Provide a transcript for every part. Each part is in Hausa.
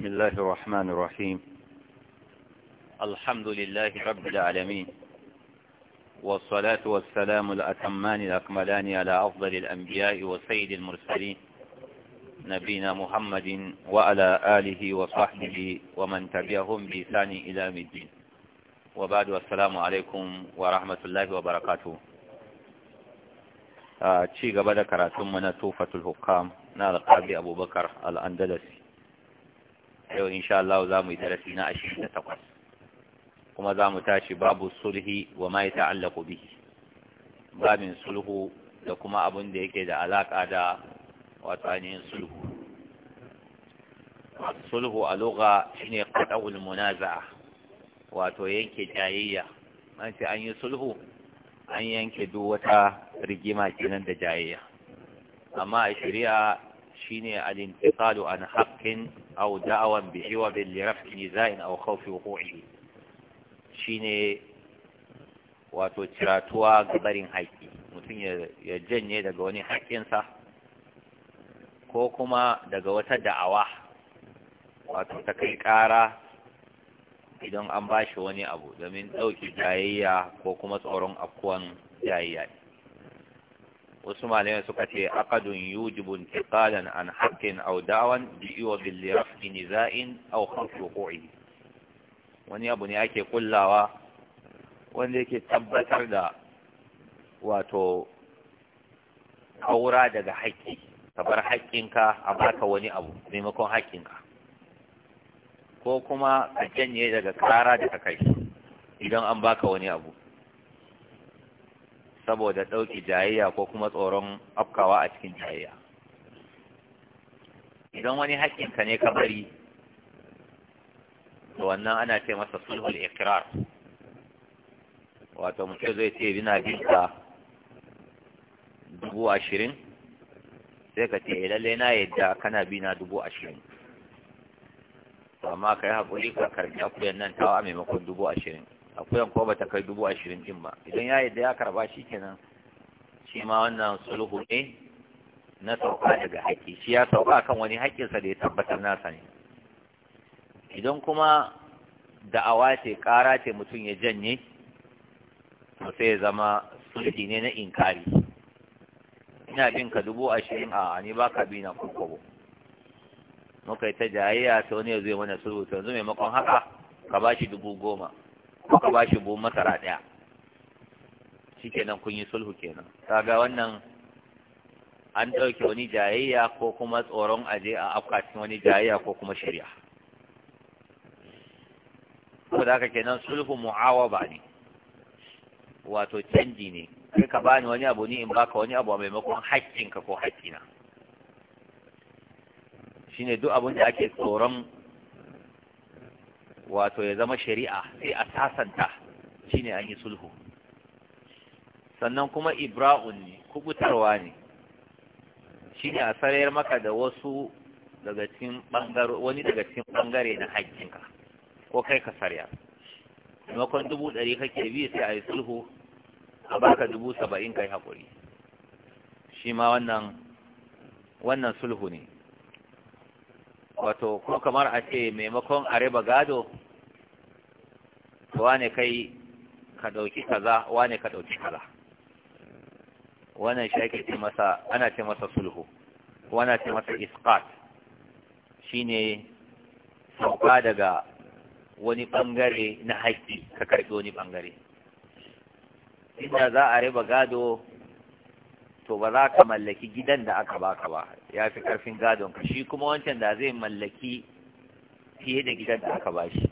بسم الله الرحمن الرحيم الحمد لله رب العالمين والصلاة والسلام الأتمان الأكملان على أفضل الأنبياء وسيد المرسلين نبينا محمد وعلى آله وصحبه ومن تبعهم بثاني إلى مدين وبعد والسلام عليكم ورحمة الله وبركاته آه، شيء قبل da من na tufatul hukam na alƙabi abubakar yau insha Allah za mu yi darasi na 28 kuma za mu tashi babu sulhi wa ma ta'allaku bihi babin sulhu da kuma abin da yake da alaka da watsanin sulhu sulhu a lugha shine qat'ul munaza'a wato yanke jayayya an ce an yi sulhu an yanke duk wata rigima kenan da jayayya amma a shari'a shine al-intiqalu an haqqin أو دعوا بعوض لرفع نزاع أو خوف وقوعه shine wato ciratuwa ga barin haƙƙi mutum ya janye daga wani haƙƙinsa ko kuma daga wata da'awa wato ta kai ƙara idan an ba shi wani abu domin ɗauki jayayya ko kuma tsoron afkuwan jayayya wasu malamai suka ce aqadun yujibun intiqalan an haqqin aw da'wan bi raf'i niza'in aw wani abu ne ake kullawa wanda yake tabbatar da wato kaura daga haƙƙi ka bar haƙƙinka a baka wani abu maimakon haƙƙinka ko kuma ka janye daga kara da ka kai idan an baka wani abu saboda ɗauki jayayya ko kuma tsoron afkawa a cikin jayayya idan wani haƙƙinka ne ka bari to wannan ana ce masa sulhul ikrar wato mutum zai ce bina binka dubu ashirin sai ka ce eh, lalle na yadda kana bina dubu ashirin amma ka yi haƙuri ka karbi akuyan nan tawa a maimakon dubu ashirin akuyan ko bata kai dubu ashirin din ba idan ya yadda ya karba shi kenan shi ma wannan sulhu ne na sauka daga haƙƙi shi ya sauka kan wani haƙƙinsa da ya tabbatar nasa ne idan kuma da'awa ce ƙara ce mutum ya janye to sai ya zama sulhi ne na inkari ina bin ka dubu ashirin a ni ba ka bi na kokobo muka yi ta jayayya sai wani ya zo mana sulhu to yanzu maimakon haka ka ba shi dubu goma kuka ba shi bu masara ɗaya shi kenan kun yi sulhu kenan kaga wannan an ɗauke wani jayayya ko kuma tsoron aje a akwatin wani jayayya ko kuma shari'a ko da haka kenan sulhu mu'awaba ne wato canji ne kai ka bani wani abu ni in baka wani abu a maimakon haƙƙinka ko haƙƙina shine duk abin da ake tsoron wato ya zama shari'a sai a sasanta shine an yi sulhu sannan kuma ibra'un ne kubutarwa ne shine a sarayar maka da wasu daga cikin bangare wani daga cikin bangare na hakinka, ko kai ka sarya makon dubu ɗari kake bi sai a yi sulhu a baka dubu saba'in kai haƙuri shi ma wannan sulhu ne wato ko kamar a ce maimakon a riba gado wane kai ka ɗauki kaza wane ka ɗauki kaza wannan shi ake ce masa ana ce masa sulhu wannan ce masa isqat shine sauka daga wani bangare na haƙƙi ka karɓi wani bangare inda za a riba gado to ba za ka mallaki gidan da aka baka ba ya fi ƙarfin gadon ka shi kuma wancan da zai mallaki fiye da gidan da aka ba shi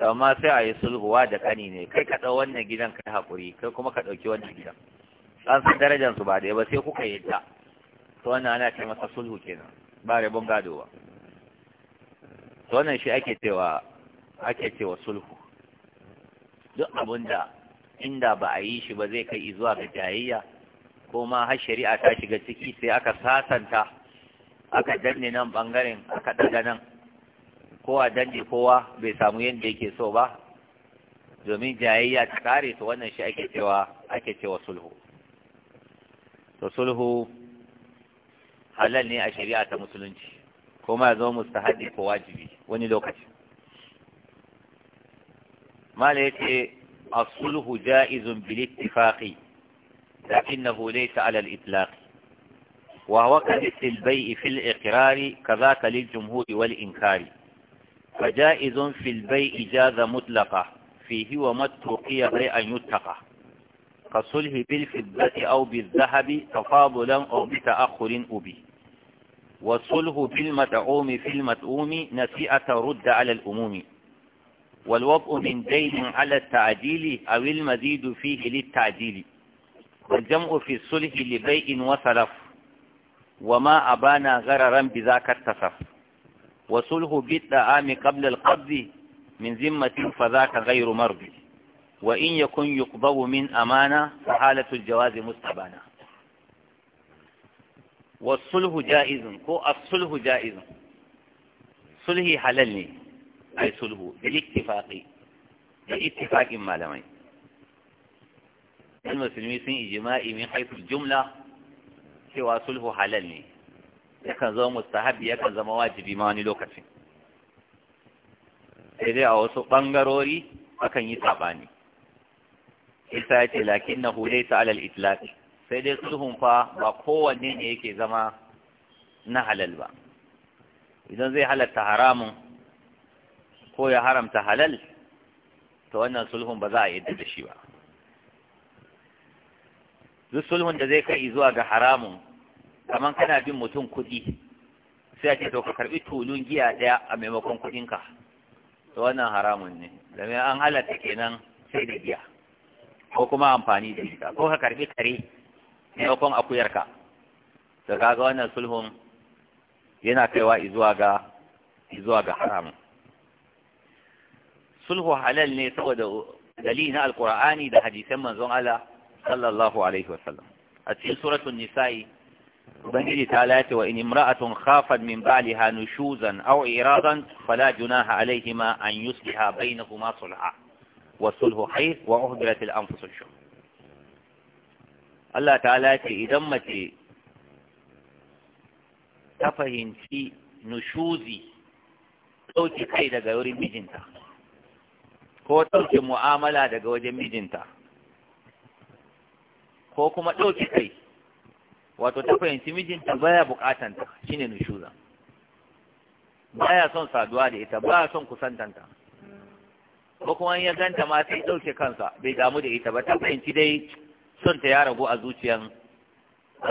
amma sai a yi sulhuwa da ƙani ne kai ka ɗau wannan gidan kai haƙuri kai kuma ka ɗauki wannan gidan an san darajar su ba da ba sai kuka yi ta to wannan ana ce masa sulhu kenan ba rabon gado ba to wannan shi ake cewa ake cewa sulhu duk da inda ba a yi shi ba zai kai zuwa ga jayayya ko ma har shari'a ta shiga ciki sai aka sasanta aka danne nan bangaren aka daga nan kowa danne kowa bai samu yadda yake so ba domin jayayya ta kare to wannan shi ake cewa ake cewa sulhu to sulhu halal ne a shari'a ta musulunci kuma ya zama mustahabi ko wajibi wani lokaci mala yace as-sulhu ja'izun bil ittifaqi لكنه ليس على الإطلاق وهو كذلك البيع في الإقرار كذاك للجمهور والإنكار فجائز في البيع جاز مطلقة فيه وما غير أن يتقى كصلح بالفضة أو بالذهب تفاضلا أو بتأخر أبي وصله بالمدعوم في المدعوم نسيئة رد على الأموم والوضع من دين على التعديل أو المزيد فيه للتعديل والجمع في الصلح لبيع وسلف وما أبانا غررا بذاك التصف وصله بالطعام قبل القبض من ذمة فذاك غير مرضي وإن يكن يقضو من أمانة فحالة الجواز مستبانة والصلح جائز كو الصلح جائز صله حللني أي صلح بالاتفاق بالاتفاق ما لمين dan musulmi sun ijma'i min haifar jumla cewa sulhu halal ne yakan zama mustahabi yakan zama wajibi ma wani lokacin sai dai a wasu bangarori akan yi sabani isa ya ce lakin na hulai ta alal itlaq sai dai sulhun fa ba kowanne ne yake zama na halal ba idan zai halatta haramun ko ya haramta halal to wannan sulhun ba za a yadda da shi ba duk sulhun da zai kai zuwa ga haramun kamar kana bin mutum kuɗi sai a ce to ka karɓi tulun giya ɗaya a maimakon kuɗinka to wannan haramun ne domin an halatta kenan sai da giya ko kuma amfani da ita ko ka karɓi kare maimakon akuyarka da kaga wannan sulhun yana kaiwa zuwa ga zuwa ga haramun sulhu halal ne saboda dalili na alkur'ani da hadisan manzon Allah sallallahu alaihi wasallam a cikin suratul nisa'i ubangiji ta lati wa in imra'atun khafat min ba'liha nushuzan aw iradan fala junaha alaihima an yusliha bainahuma sulha wa sulhu khair wa uhdirat al anfus shuh Allah ta'ala ce idan mace ta fahimci nushuzi ɗauki kai daga wurin mijinta ko ɗauki mu'amala daga wajen mijinta ko kuma ɗauki kai wato ta fahimci mijinta baya shi ne nushuza baya son saduwa da ita baya son kusantanta ko kuma ya ganta ma sai ɗauke kansa bai damu da ita ba ta fahimci dai son ta ya ragu a zuciyan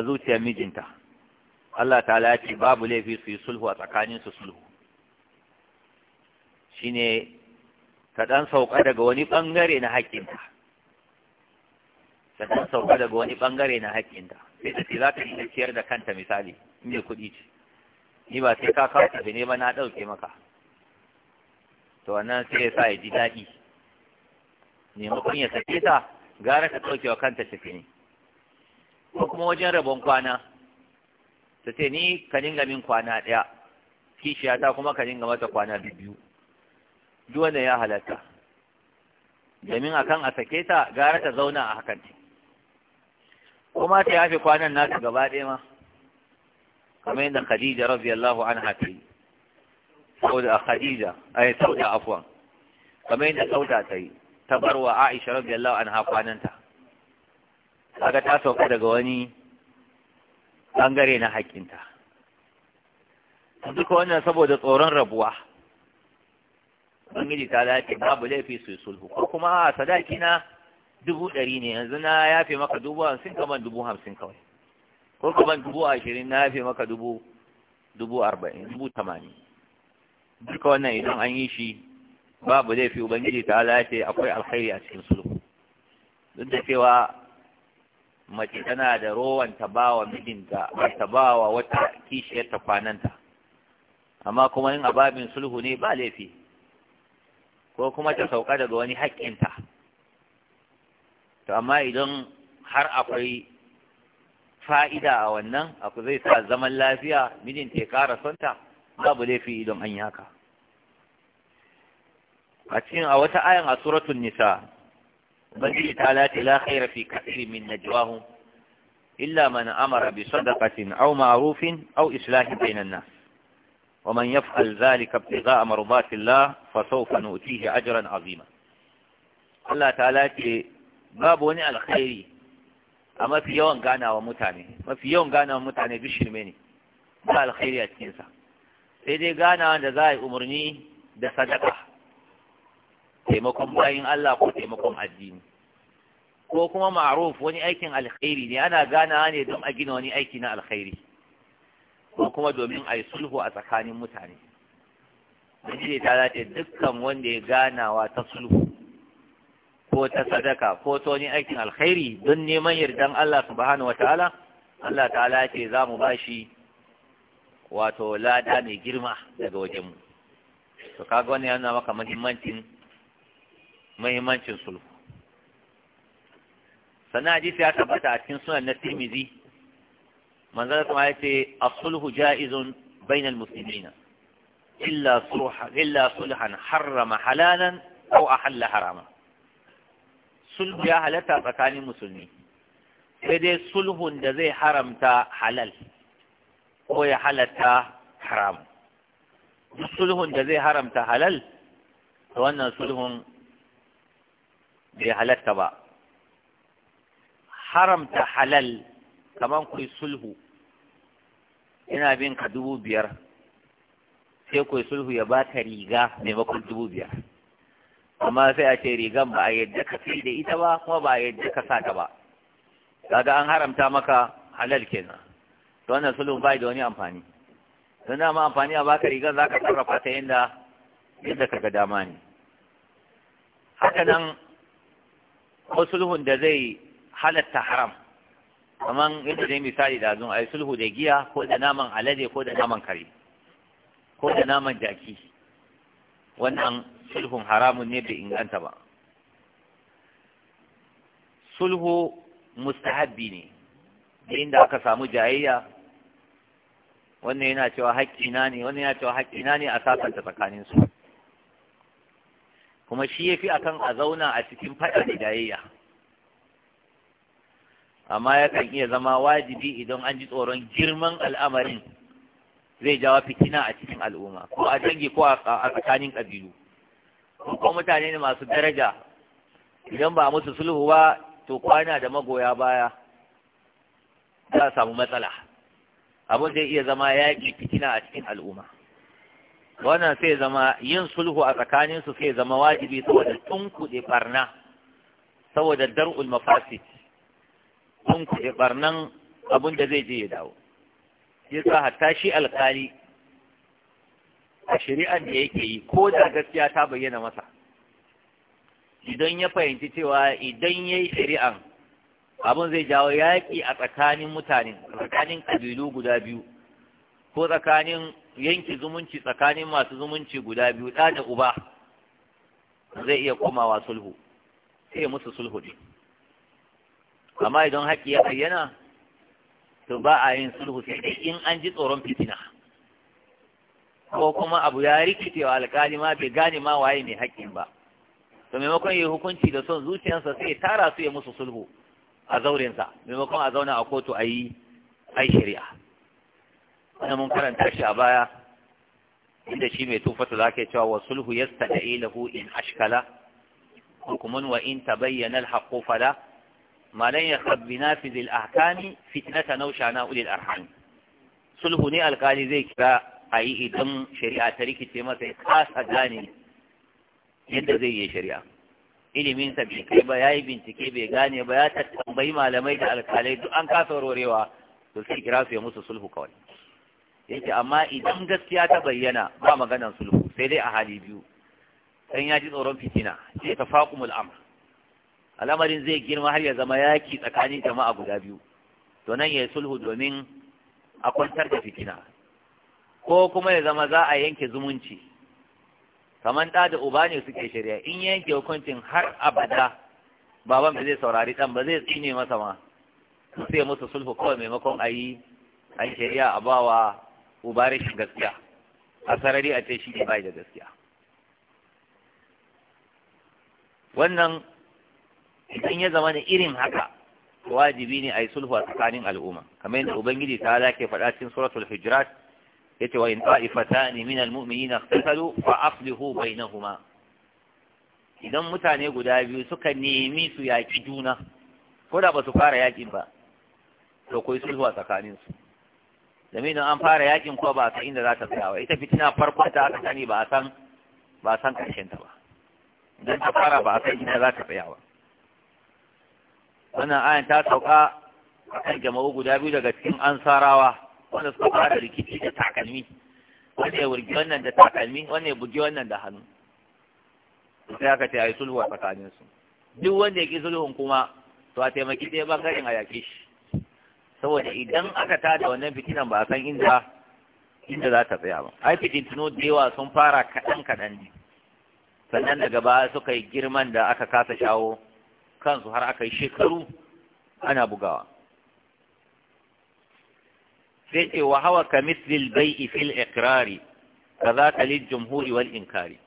zuciyar mijinta Allah ta ya ce babu laifi su yi sulhu a tsakanin su sulhu shine ta ɗan sauka daga wani ɓangare na haƙƙinta ta ɗan sauka daga wani bangare na haƙƙinta sai da ce za ta iya ciyar da kanta misali in da kuɗi ce ni ba sai ka kawo tafi ne ba na ɗauke maka to wannan sai ya sa ya ji daɗi maimakon ya sake ta gara ta ɗauke wa kanta tafi ne ko kuma wajen rabon kwana ta ce ni ka dinga min kwana ɗaya kishiyata kuma ka dinga mata kwana biyu duk wanda ya halatta domin akan a sake ta gara ta zauna a hakan ce kuma ta yafe kwanan nasu gaba ɗaya ma kamar yadda khadija radiyallahu anha ta yi saboda khadija ai sauta afwan kamar yadda sauta ta yi ta bar wa aisha radiyallahu anha ta kaga ta sauka daga wani bangare na hakinta Duk wannan saboda tsoron rabuwa ubangiji ta dace babu laifi su sulhu ko kuma sadaki na dubu ɗari ne yanzu na yafe maka dubu hamsin kaman dubu hamsin kawai ko kaman dubu ashirin na yafe maka dubu dubu arba'in dubu tamanin duka wannan idan an yi shi babu laifi ubangiji ta ala ce akwai alkhairi a cikin sulhu duk da cewa mace tana da rowan ta mijinta ta bawa wata kishiyar ta kwananta amma kuma in ababin sulhu ne ba laifi ko kuma ta sauka daga wani haƙƙinta to amma idan har akwai fa'ida a wannan abu zai sa zaman lafiya mijinta ya kara sonta babu laifi idan an yaka a cikin a wata ayan a suratun nisa bangiji ta lati la khaira fi kasiri min najwahum illa man amara bi sadaqatin aw ma'rufin aw islahin bainan nas ومن يفعل ذلك ابتغاء Allah الله فسوف نؤتيه أجرا عظيما الله تعالى babu wani alkhairi a mafi yawan ganawa mutane mafi yawan ganawa mutane bishirme ne ba alkhairi a cikinsa sai dai ganawa da za a yi umarni da sadaka taimakon bayin Allah ko taimakon addini ko kuma ma'ruf wani aikin alkhairi ne ana ganawa ne don a gina wani aiki na alkhairi ko kuma domin a yi sulhu a tsakanin mutane da ta dace dukkan wanda ya ganawa ta sulhu ko ta sadaka ko ta wani aikin alkhairi don neman yardan Allah subhanahu wataala Allah ta'ala ce za mu shi wato lada mai girma daga wajenmu to kaga wani yana maka muhimmancin muhimmancin sulhu sannan hadisi ya tabbata a cikin sunan na Tirmidhi manzon kuma ya ce as-sulhu ja'izun al muslimina illa sulhan illa sulhan harrama halalan aw ahalla harama sulhu ya halatta tsakanin musulmi sai dai sulhun da zai haramta halal ko ya halatta haram duk sulhun da zai haramta halal da wannan sulhun bai halatta ba haramta halal kamar ku sulhu ina bin ka dubu biyar sai ku sulhu ya ba ta riga maimakon dubu biyar amma sai a ce rigan ba a yadda ka fi da ita ba kuma ba a yadda ka sa ta ba kaga an haramta maka halal kenan to wannan sulhun bai da wani amfani don dama amfani a baka rigar zaka sarrafa ta yadda yadda ga dama ne haka nan ko sulhun da zai halatta haram kamar yadda dai misali da zun ai sulhu da giya ko da naman alade ko da naman kare ko da naman jaki wannan sulhun haramun ne bai inganta ba sulhu mustahabbi ne inda aka samu jayayya wannan yana cewa haƙƙina ne wannan yana cewa haƙƙina ne a sakanta tsakanin su kuma shi yafi akan a zauna a cikin faɗa da jayayya amma yakan iya zama wajibi idan an ji tsoron girman al'amarin zai jawo fitina a cikin al'umma ko a dangi ko a tsakanin ƙabilu ko mutane ne masu daraja idan ba musu sulhu ba to kwana da magoya baya za samu matsala abin zai iya zama yaƙi fitina a cikin al'umma wannan sai zama yin sulhu a tsakaninsu sai zama wajibi saboda tunkuɗe barna saboda dar'ul mafasid tunkuɗe barnan abin da zai je ya dawo yasa hatta shi alkali a shari'ar da yake yi ko da gaskiya ta bayyana masa idan ya fahimci cewa idan ya yi shari'an abin zai jawo yaƙi a tsakanin mutane tsakanin ƙabilu guda biyu ko tsakanin yanki zumunci tsakanin masu zumunci guda biyu ɗa da uba zai iya komawa sulhu sai musu sulhu ne amma idan haƙƙi ya bayyana to ba a yin sulhu sai dai in an ji tsoron fitina ko kuma abu ya rikicewa alƙali ma bai gane ma waye mai haƙƙin ba to maimakon yi hukunci da son zuciyarsa sai ya tara su ya musu sulhu a zaurinsa maimakon a zauna a kotu a yi ai shari'a Wani mun karanta shi a baya inda shi mai tufatu za ka cewa wa sulhu yastada'i ilahu in ashkala hukumun wa in tabayyana al-haqqu fala ya لن يخرج بنافذ الأحكام فتنة نوشى ulil الأرحام Sulhu ne القالي zai kira. a yi idan shari'a ta rikice masa ya kasa gane yadda zai yi shari'a sa bai kai ba ya yi bincike bai gane ba ya tambayi malamai da alkalai duk an kasa warwarewa to sai kira su ya musu sulhu kawai yake amma idan gaskiya ta bayyana ba maganan sulhu sai dai a hali biyu dan ya ji tsoron fitina sai ta faqumul amr al'amarin zai girma har ya zama yaki tsakanin jama'a guda biyu to nan yi sulhu domin a kwantar da fitina ko kuma ya zama za a yanke zumunci kamar ɗa da uba ne suke shari'a, in yanke hukuncin har abada baban ba zai saurari ɗan ba zai tsine masa ma sai musu sulhu kawai maimakon a yi an shari'a a bawa uba rashin gaskiya a sarari a ce shi ne bai da gaskiya wannan idan ya zama ne irin haka wajibi ne a yi sulhu a tsakanin al'umma kamar yadda ubangiji ta ke faɗa cikin suratul hijrat yace wa in ta'ifatani min almu'minina ikhtatalu fa aslihu bainahuma idan mutane guda biyu suka nemi su yaki juna ko da ba su fara yakin ba to koyi sulhu a tsakanin su domin an fara yakin ko ba ta inda za ta tsaya ba ita fitina farko ta aka sani ba a san ba san karshen ta ba idan ta fara ba a san inda za ta tsaya ba wannan ayan ta sauka akan jama'u guda biyu daga cikin ansarawa wanda suka fara rikici da takalmi wanda ya wurgi wannan da takalmi wanda ya bugi wannan da hannu sai aka ce a yi sulhu a tsakaninsu duk wanda ya ki sulhun kuma to a taimaki ɗaya bangaren a yaƙe shi saboda idan aka tada wannan fitinan ba a san inda inda za ta tsaya ba ai fitintuno da yawa sun fara kaɗan kaɗan ne sannan daga baya suka yi girman da aka kasa shawo kansu har aka yi shekaru ana bugawa sai ce wa hawa ka mislil bai'i fil iqrari kazaka lil jumhuri wal inkari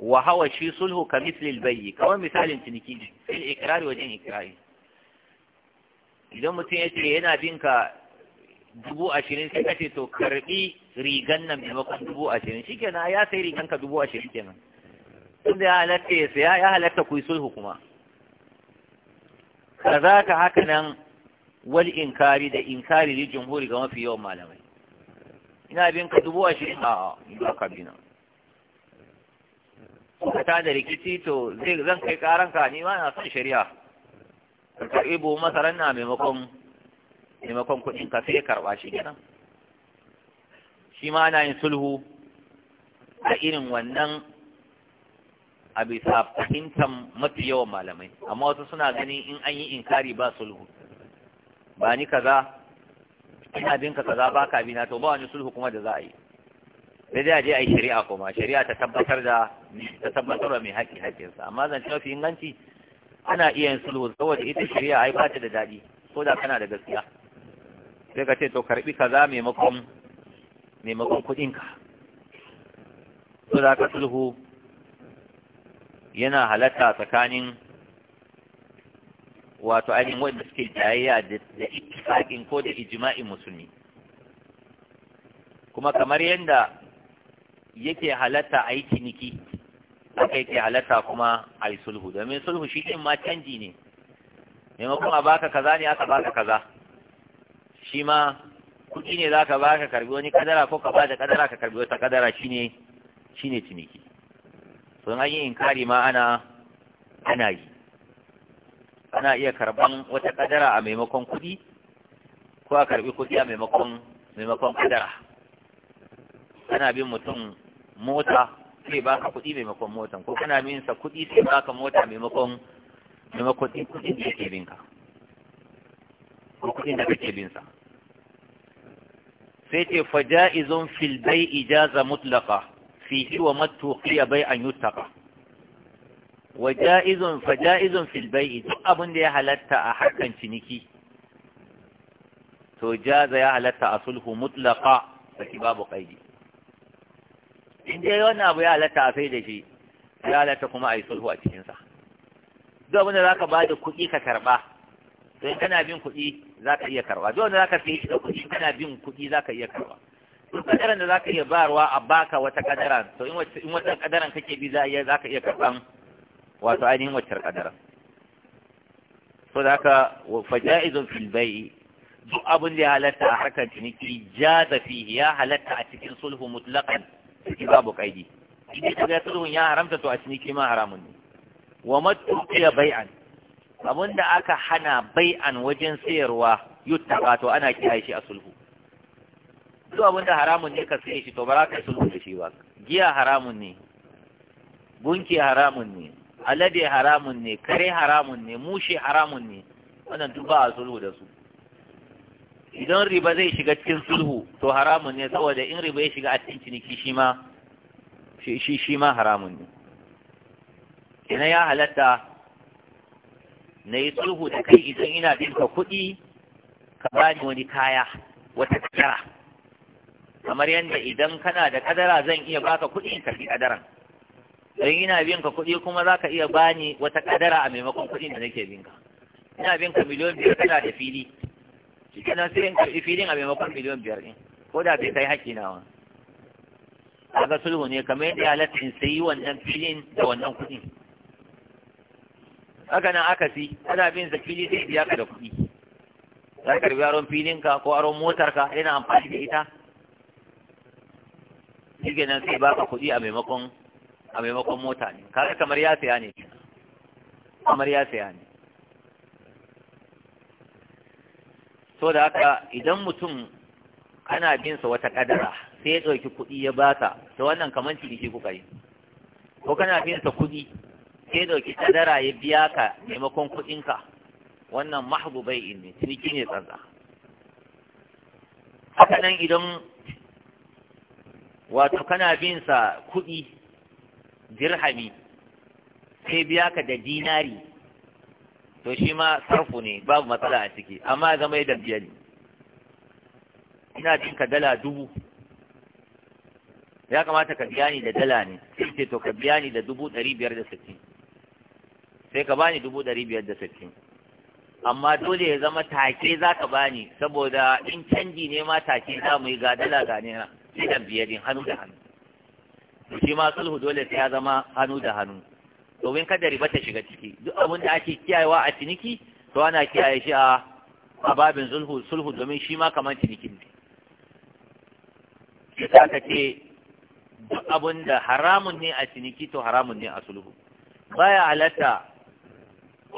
wa hawa shi sulhu ka mislil bai'i kawai misalin ciniki ne fil iqrari wajen iqrari idan mutum ya ce yana bin ka dubu ashirin sai ka ce to karbi rigan nan maimakon dubu ashirin shi kenan ya sai rigan ka dubu ashirin kenan tunda ya halatta ya saya ya halatta ku yi sulhu kuma ka za ka haka nan wal inkari da inkari ne jumhuri ga mafi yawan malamai ina bin ka dubu ashirin a ba ka bina ka ta da rikici to zai zan kai karanka ni ma na son shari'a ka karɓi buhu masarar na maimakon maimakon kuɗin ka sai karɓa shi kenan shi ma ana yin sulhu a irin wannan a bisa fahimtar mafi yawan malamai amma wasu suna ganin in an yi inkari ba sulhu ba ni kaza ina bin ka kaza baka bi na to ba wani sulhu kuma da za a yi sai dai a je a yi shari'a kuma shari'a ta tabbatar da ta tabbatar da mai haƙƙi sa amma zan mafi inganci ana iya yin sulhu saboda ita shari'a ai ba ta da daɗi ko da kana da gaskiya sai ka ce to karɓi kaza maimakon maimakon kuɗinka to da ka sulhu yana halatta tsakanin wato ainihin wanda suke jayayya da ittifaqin ko da ijima'in musulmi kuma kamar yadda yake halatta a yi ciniki aka yake halatta kuma a yi sulhu domin sulhu shi ɗin ma canji ne maimakon a baka kaza ne aka baka kaza shi ma kuɗi ne za ka ba ka karbi wani kadara ko ka ba da kadara ka karbi wata kadara shine shine ciniki sun an yi inkari ma ana yi ana iya karban wata kadara a maimakon kuɗi ko a karbi kuɗi a maimakon maimakon kadara kana bin mutum mota sai baka kuɗi maimakon motan ko kana bin sa kuɗi sai baka mota maimakon maimakon kudi da yake ka ko kudi da kake bin sa sai ce faja'izun fil bai ijaza mutlaqa shi wa bai an yuttaqa wa ja'izun fa ja'izun fil bai'i duk abin da ya halatta a harkan ciniki to jaza ya halatta a sulhu mutlaqa saki babu qaidi in dai wannan abu ya halatta a sai da shi ya halatta kuma a sulhu a cikin sa duk abin da zaka ba da kuɗi ka karba to in kana bin kuɗi zaka iya karba duk da zaka sayi shi da kuɗi kana bin kuɗi zaka iya karba duk kadaran da zaka iya barwa a baka wata kadara to in wata kadaran kake bi za ka iya karban wato ainihin waccar kadara so da haka faja'izun fil bai'i duk abin da ya halatta a harkar ciniki ja da fihi ya halatta a cikin sulhu mutlaqan cikin babu kaidi idan kaga sulhun ya haramta to a ciniki ma haramun ne wa matuqiya bai'an abin da aka hana bai'an wajen sayarwa yuttaka to ana kiyaye shi a sulhu duk abin da haramun ne ka saye shi to ba za ka sulhu da shi ba giya haramun ne gunki haramun ne alade haramun ne kare haramun ne mushe haramun ne wannan duk ba a sulhu da su idan riba zai shiga cikin sulhu to haramun ne saboda in riba ya shiga a cikin ciniki shi ma shi shi ma haramun ne ina ya halatta na yi sulhu da kai idan ina dinka kuɗi ka bani wani kaya wata kadara kamar yadda idan kana da kadara zan iya baka kuɗi ka fi kadaran dan ina bin ka kuɗi kuma za ka iya bani wata kadara a maimakon kuɗin da nake bin ka ina bin ka miliyon biyar kana da fili shi nan sai in karɓi filin a maimakon miliyon biyar ɗin ko da bai kai haƙƙi nawa kaga sulhu ne kamar yadda halatta in sayi wannan filin da wannan kuɗin haka nan aka si ana bin sa fili sai biya ka da kuɗi za ka rubi filin filinka ko aron motarka yana amfani da ita shi nan sai baka kuɗi a maimakon a maimakon mota ne kare kamar ya saya ne kamar ya saya ne so da haka idan mutum kana bin sa wata kadara sai ya ɗauki kuɗi ya baka to wannan kamar ciniki kuka yi ko kana bin sa kuɗi sai ya ɗauki kadara ya biya ka maimakon ka, wannan mahbubai bai ne ciniki ne tsantsa haka nan idan wato kana bin sa kuɗi dirhami sai biya ka da dinari to shi ma sarfu ne babu matsala a ciki amma zama ya dambiyali ina jin ka dala dubu ya kamata ka biya ni da dala ne sai ce to ka biya ni da dubu ɗari biyar da sittin sai ka bani dubu ɗari biyar da sittin amma dole ya zama take za ka bani saboda in canji ne ma take za mu yi ga dala ga nera idan biyar hannu da hannu to shi ma sulhu dole sai ya zama hannu da hannu domin kada riba ta shiga ciki duk abin da ake kiyayewa a ciniki to ana kiyaye shi a ababin sulhu sulhu domin shi ma kamar cinikin ne shi ta ce duk abin da haramun ne a ciniki to haramun ne a sulhu baya halatta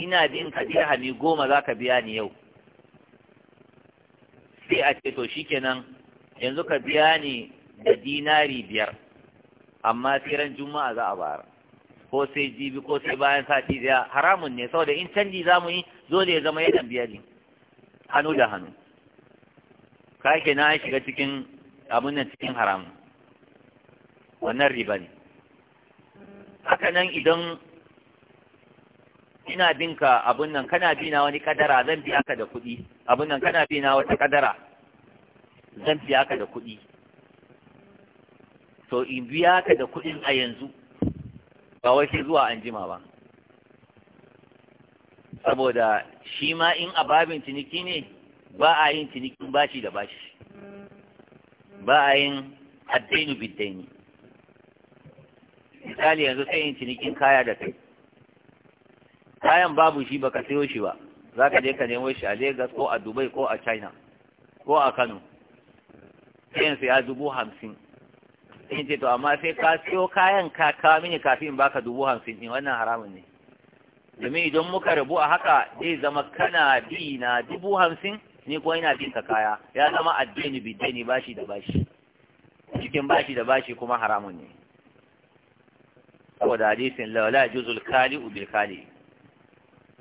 ina bin ka dirhami goma zaka biya ni yau sai a ce to shikenan yanzu ka biya ni da dinari biyar amma tseren juma'a za a bayar ko sai jibi ko sai bayan sati daya haramun ne saboda in canji za mu yi dole ya zama yadan biyar ne hannu da hannu ka ke na shiga cikin abin nan cikin haramun wannan riba ne haka nan idan ina binka abin nan kana bina wani kadara zan biya ka da kuɗi abin nan kana bina wata kadara zan biya ka da kuɗi to in biya ka da kuɗin a yanzu ba wai sai zuwa an jima ba saboda shi ma in a babin ciniki ne ba a yin cinikin bashi da bashi ba a yin addainu ne. misali yanzu sai yin cinikin kaya da kai kayan babu shi baka sayo shi ba za ka je ka nemo shi a Legas ko a Dubai ko a China ko a Kano sai yanzu ya dubu hamsin in ce to amma sai ka siyo kayan ka kawo mini kafin baka dubu hamsin in wannan haramun ne domin idan muka rabu a haka zai zama kana bi na dubu hamsin ni kuma ina bin ka kaya ya zama addini biddini bashi da bashi cikin bashi da bashi kuma haramun ne saboda hadisin laula juzul kali ubil kali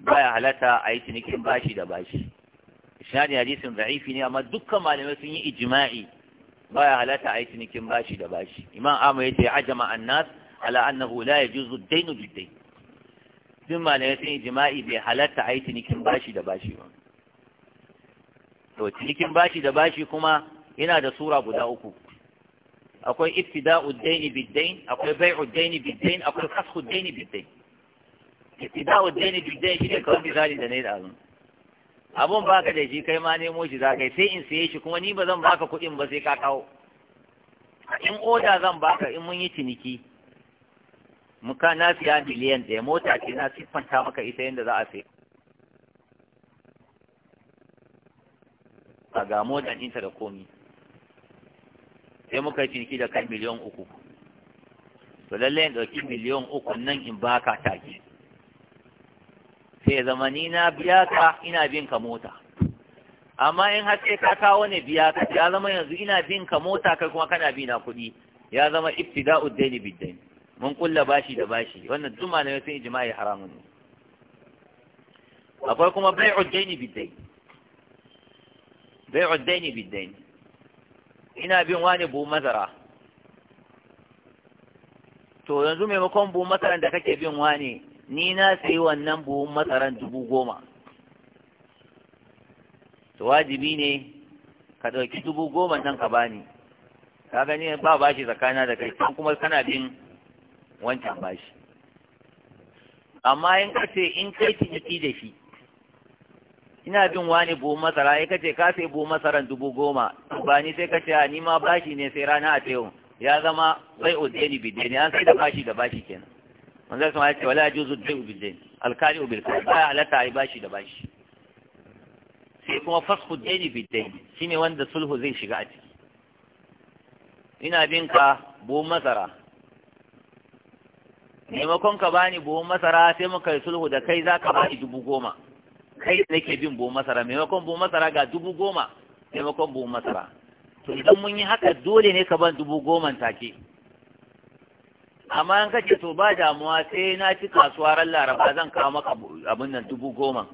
baya halatta a yi cinikin bashi da bashi isnadin hadisin da'ifi ne amma dukkan malamai sun yi ijma'i baya halatta a yi cinikin bashi da bashi imam amma ya ce ajama annas ala annahu la yajuzu dainu biddai duk malamai sun jima'i bai halatta a yi cinikin bashi da bashi ba to cinikin bashi da bashi kuma yana da sura guda uku akwai ibtida'u daini biddain akwai bai'u daini biddain akwai kasxu daini biddain ibtida'u daini shi ne kawai misali da ne da azumi abun baka da shi kai ma nemo shi za kai sai in saye shi kuma ni ba zan baka kuɗin ba sai ka kawo in oda zan baka in mun yi ciniki muka na siya miliyan ɗaya mota ce na siffanta maka ita yadda za a sai a ga mota ɗinta da komi sai muka yi ciniki da kan miliyan uku to lallai in ɗauki miliyan uku nan in baka take sai zama ni na biya ka ina bin ka mota amma in har sai ka kawo ne biya ka ya zama yanzu ina bin ka mota kai kuma kana bi na kuɗi ya zama ibtida'u daini biddain mun kulla bashi da bashi wannan duk malamai sun ijma'i haramun ne akwai kuma bai'u daini biddain bai'u daini biddain ina bin wani bu mazara to yanzu maimakon bu masaran da kake bin wani ni na sayi wannan buhun masaran dubu goma to wajibi ne ka ɗauki dubu goma nan ka bani ka gani ba bashi tsakana da kai kan kuma kana bin wancan bashi amma in ka ce in kai ciniki da shi ina bin wani buhun masara ya kace ka sai buhun masaran dubu goma ba ni sai ka ce ni ma bashi ne sai rana a tsayo ya zama bai udeni bideni an sai da bashi da bashi kenan manzo sun ya ce wala juzu dai bil dain alkari bil kari ba alata yi bashi da bashi sai kuma fasxu daini bil shi shine wanda sulhu zai shiga a ciki ina bin ka buhun masara maimakon ka bani buhun masara sai muka yi sulhu da kai za ka bani dubu goma kai da ke bin buhun masara maimakon buhun masara ga dubu goma maimakon buhun masara to idan mun yi haka dole ne ka ban dubu goman take amma an kace to ba damuwa sai na ci kasuwa ran laraba zan kawo maka abin nan dubu goma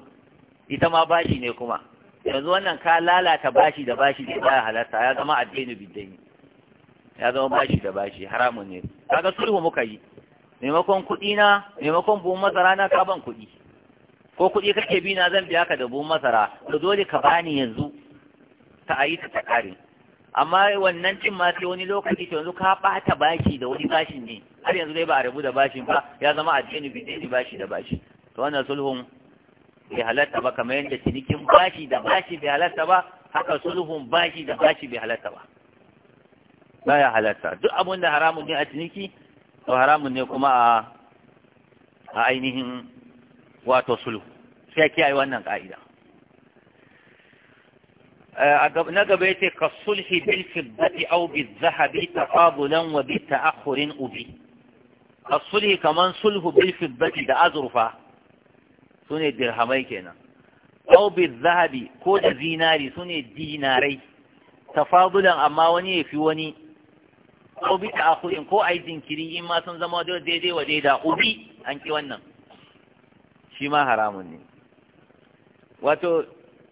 ita ma bashi ne kuma yanzu wannan ka lalata bashi da bashi da ba halarta, ya zama addini biddini ya zama bashi da bashi haramun ne kaga sulhu muka yi maimakon kuɗi na maimakon buhun masara na ka ban kuɗi ko kuɗi kake bi na zan biya ka da buhun masara to dole ka bani yanzu ta ayi ta ta amma wannan cin ma sai wani lokaci to yanzu ka bata bashi da wani bashi ne har yanzu dai ba a rabu da bashin ba ya zama addini bidini bashi da bashi to wannan sulhun bai halatta ba kamar yadda cinikin bashi da bashi bai halatta ba haka sulhun bashi da bashi bai halatta ba Ba ya halatta duk abin da haramun ne a ciniki to haramun ne kuma a a ainihin wato sulhu sai kiyaye wannan ka'ida na gaba ya ce ka sulhi bil fiddati aw bil zahabi tafadulan wa bi ta'akhurin ubi ka sulhi kaman sulhu bil fiddati da azurfa sune dirhamai kenan aw bil zahabi ko da zinari sune dinarai tafadulan amma wani ya fi wani aw bi ta'akhurin ko ai jinkiri in ma sun zama daidai wa daida ubi an ki wannan shi ma haramun ne wato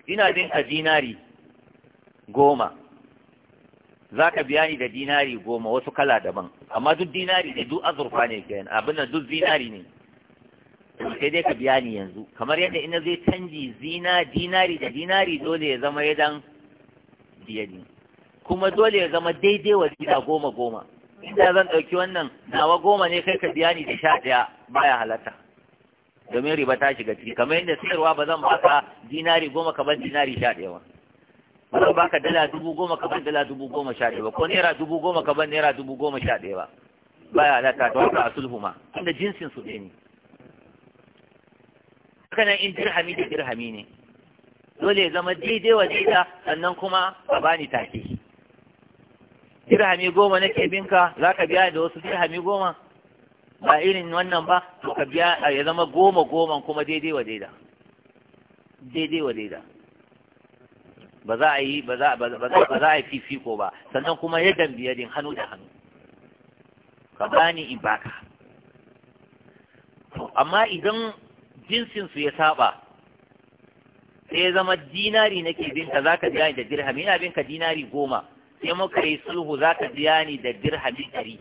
ina dinka dinari goma za ka biya ni da dinari goma wasu kala daban amma duk dinari ne duk azurfa ne ke abin nan duk zinari ne sai dai ka biya ni yanzu kamar yadda ina zai canji zina dinari da dinari dole ya zama ya dan biyadi kuma dole ya zama daidai wa zina goma goma inda zan ɗauki wannan nawa goma ne kai ka biya ni da sha ɗaya baya halatta domin riba ta shiga ciki kamar yadda sayarwa ba zan baka dinari goma ka ban dinari sha ɗaya ba ba ka baka dala dubu goma ka ban dala dubu goma sha ɗaya ba ko naira dubu goma ka ban naira dubu goma sha ɗaya ba baya halatta ta wata a sulhu ma inda jinsin su ɗaya ne haka nan in dirhami da dirhami ne dole ya zama daidai wa daida sannan kuma a bani take dirhami goma nake binka za ka biya da wasu dirhami goma ba irin wannan ba to ka biya ya zama goma goma kuma daidai wa daida daidai wa daida ba za a yi ba za a fifiko ba sannan kuma yadan biyadin hannu da hannu ka bani in baka amma idan jinsin su ya saba sai ya zama dinari nake bin ka zaka biya ni da dirhami ina bin ka dinari goma sai muka yi sulhu zaka biya ni da dirhami ɗari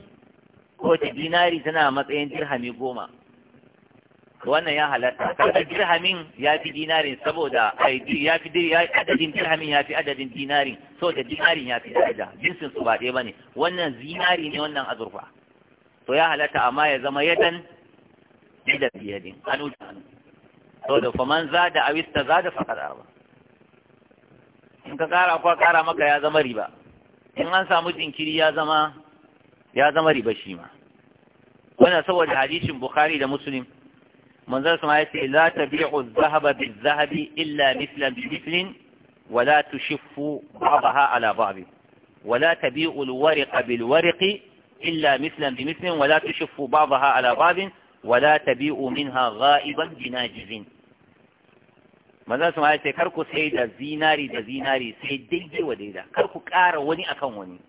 ko ta dinari tana matsayin dirhami goma wannan ya halatta kada dirhamin ya fi dinarin saboda ya fi adadin dirhamin ya fi adadin dinarin saboda dinarin ya fi daraja jinsin su ba ɗaya bane wannan zinari ne wannan azurfa to ya halatta amma ya zama yadan da biyadin hannu da hannu saboda faman zada a wista zada faƙar ba in ka ƙara ko ƙara maka ya zama riba in an samu jinkiri ya zama ya zama riba shi ma wannan saboda hadisin bukhari da muslim منظر سمعاتي آية إيه؟ لا تبيع الذهب بالذهب إلا مثلا بمثل ولا تشف بعضها على بعض ولا تبيع الورق بالورق إلا مثلا بمثل ولا تشف بعضها على بعض ولا تبيع منها غائبا بناجز منظر سمعاتي آية كركو سيدا زيناري دا زيناري سيد ديجي دي وديدا كركو كار وني أكون وني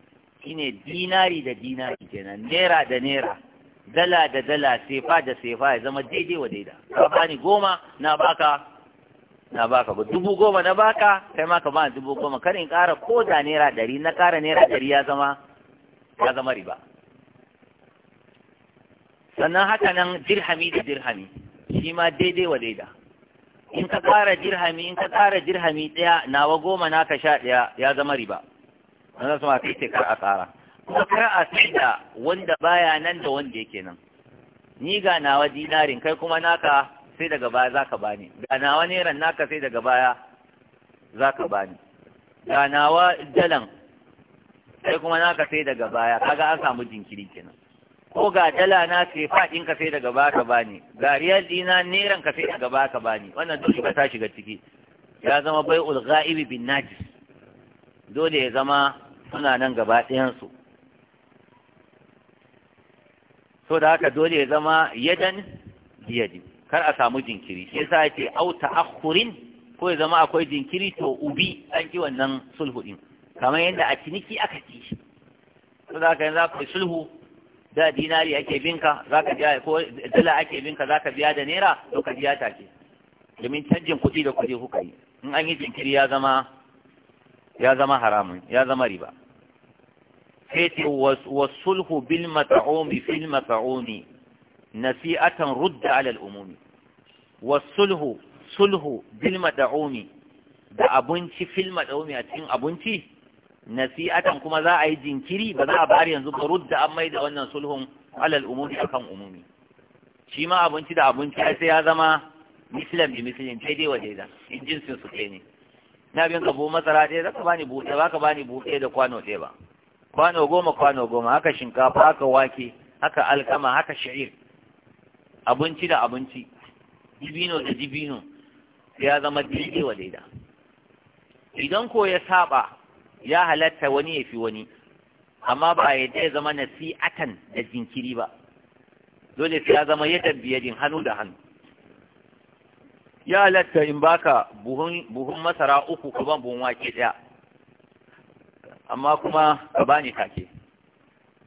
إنه ديناري دا ديناري جنا نيرا دا نيرا dala da dala sefa da sefa ya zama daidai wa daida ka bani goma na baka na baka ba dubu goma na baka kai ma ka bani dubu goma kar in ƙara ko da naira ɗari na ƙara naira ɗari ya zama ya zama riba sannan haka nan dirhami da dirhami shi ma daidai wa daida in ka ƙara dirhami in ka ƙara dirhami ɗaya nawa goma naka sha ɗaya ya zama riba wannan su ma kai ce kar a ƙara kuma kar a sai da wanda baya nan da wanda yake nan ni ga nawa dinarin kai kuma naka sai daga baya zaka bani ga nawa neran naka sai daga baya zaka bani ga nawa dalan kai kuma naka sai daga baya kaga an samu jinkiri kenan ko ga dala na sai fadin ka sai daga baya ka bani ga riyal dina neran ka sai daga baya ka bani wannan duk ba ta shiga ciki ya zama ul ghaibi bin najis dole ya zama suna nan gaba ɗayan su so da haka dole ya zama yadan biyadi kar a samu jinkiri shi yasa yake au ta'akhurin ko ya zama akwai jinkiri to ubi an ki wannan sulhu din kamar yadda a ciniki aka ci shi so da haka yanzu akwai sulhu da dinari ake binka zaka biya ko dala ake binka zaka biya da naira to ka biya take domin canjin kuɗi da kuɗi kuka yi in an yi jinkiri ya zama ya zama haramun ya zama riba sai ce wasulhu bil mata'umi fil mata'umi nasi'atan rudda ala umumi. wasulhu sulhu bil mata'umi da abinci fil mata'umi a cikin abinci nasi'atan kuma za a yi jinkiri ba za a bari yanzu ba rudda an mai da wannan sulhun ala al'umumi akan umumi shi ma abinci da abinci sai ya zama mislan bi mislin daidai wa daida in jinsin su ne na biyan ka buhu masara ɗaya za ka bani buhu ɗaya ba ka bani buhu da kwano ɗaya ba kwano goma kwano goma haka shinkafa haka wake haka alkama haka sha'ir abinci da abinci dibino da dibino ya zama daidai wa daida idan ko ya saba ya halatta wani ya fi wani amma ba ya ya zama nasi'atan da jinkiri ba dole sai ya zama yadan biyadin hannu da hannu ya halatta in baka buhun masara uku kuma buhun wake daya amma kuma ka bani take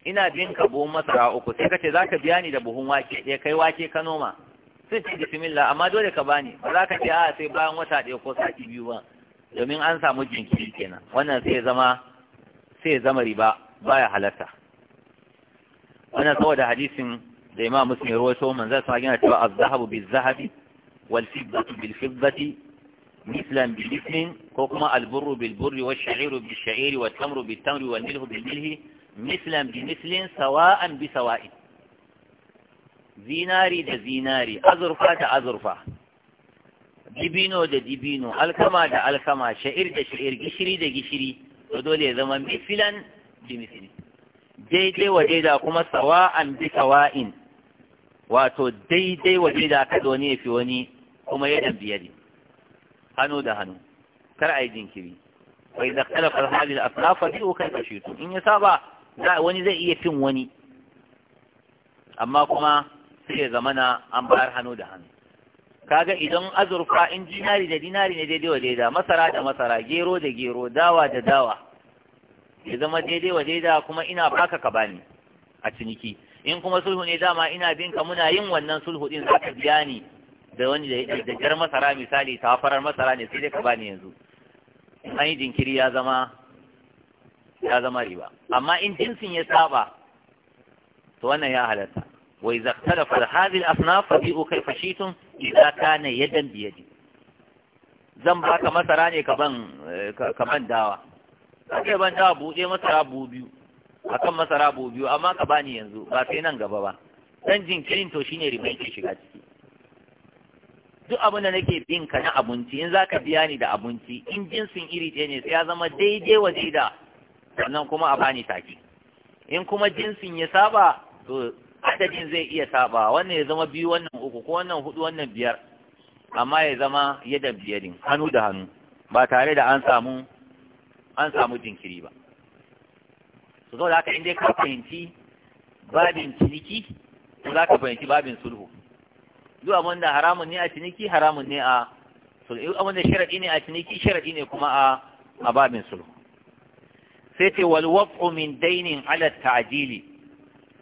ina bin ka buhun masara uku sai ka ce biya ni da buhun wake ɗaya eh, kai wake ka noma sai ce bismillah amma dole ka bani ba za ka ce a ah, sai bayan wata ɗaya ko sati biyu ba domin an samu jinkiri kenan wannan sai zama sai zama riba baya halatta wannan saboda hadisin da imam muslim ya rawaito manzon sa yana cewa az-zahabu biz-zahabi wal-fiddatu bil-fiddati mislan bi mislin ko kuma alburru bil burri sha'iru bil sha'iri wa tamru bil tamri bi mislin sawa'an bi sawa'in zinari da zinari azurfa da azurfa dibino da dibino alkama da alkama sha'ir da sha'ir gishiri da gishiri to dole ya zama mislan bi misli daidai wa daida kuma bi sawa'in wato daidai wa daida wani ya fi wani kuma ya hannu da hannu kar a yi jinkiri wa idza khalaqa hadhihi al-asnaf fa bi'u kayfa shi'tum in ya saba wani zai iya fin wani amma kuma sai ya zamana an bayar hannu da hannu kaga idan azurfa in dinari da dinari ne daidai wa daida masara da masara gero da gero dawa da dawa ya zama daidai wa daida kuma ina baka ka bani a ciniki in kuma sulhu ne dama ina bin ka muna yin wannan sulhu din zaka biya ni da wani da jar masara misali ta farar masara ne sai dai ka bani yanzu an yi jinkiri ya zama ya zama riba amma in jinsin ya saba to wannan ya halatta wa idza ikhtalafa hadhihi al-asnaf fa bi'u kayfa shi'tum idza kana yadan bi yadi zan baka masara ne ka ban dawa kai ban dawa buɗe masara bu biyu akan masara bu biyu amma ka bani yanzu ba sai nan gaba ba dan jinkirin to shine riba yake shiga ciki duk abin da nake bin ka na abinci in zaka biya ni da abinci in jinsin iri ɗaya ne sai ya zama daidai wa da sannan kuma a bani taki in kuma jinsin ya saba to adadin zai iya saba wannan ya zama biyu wannan uku ko wannan hudu wannan biyar amma ya zama yadda biyarin hannu da hannu ba tare da an samu an samu jinkiri ba su zo da haka in dai ka fahimci babin ciniki za ka fahimci babin sulhu duk abin da haramun ne a ciniki haramun ne a sulhu duk abin da sharadi ne a ciniki sharadi ne kuma a ababin sulhu sai ce wal waqu min dainin ala ta'jili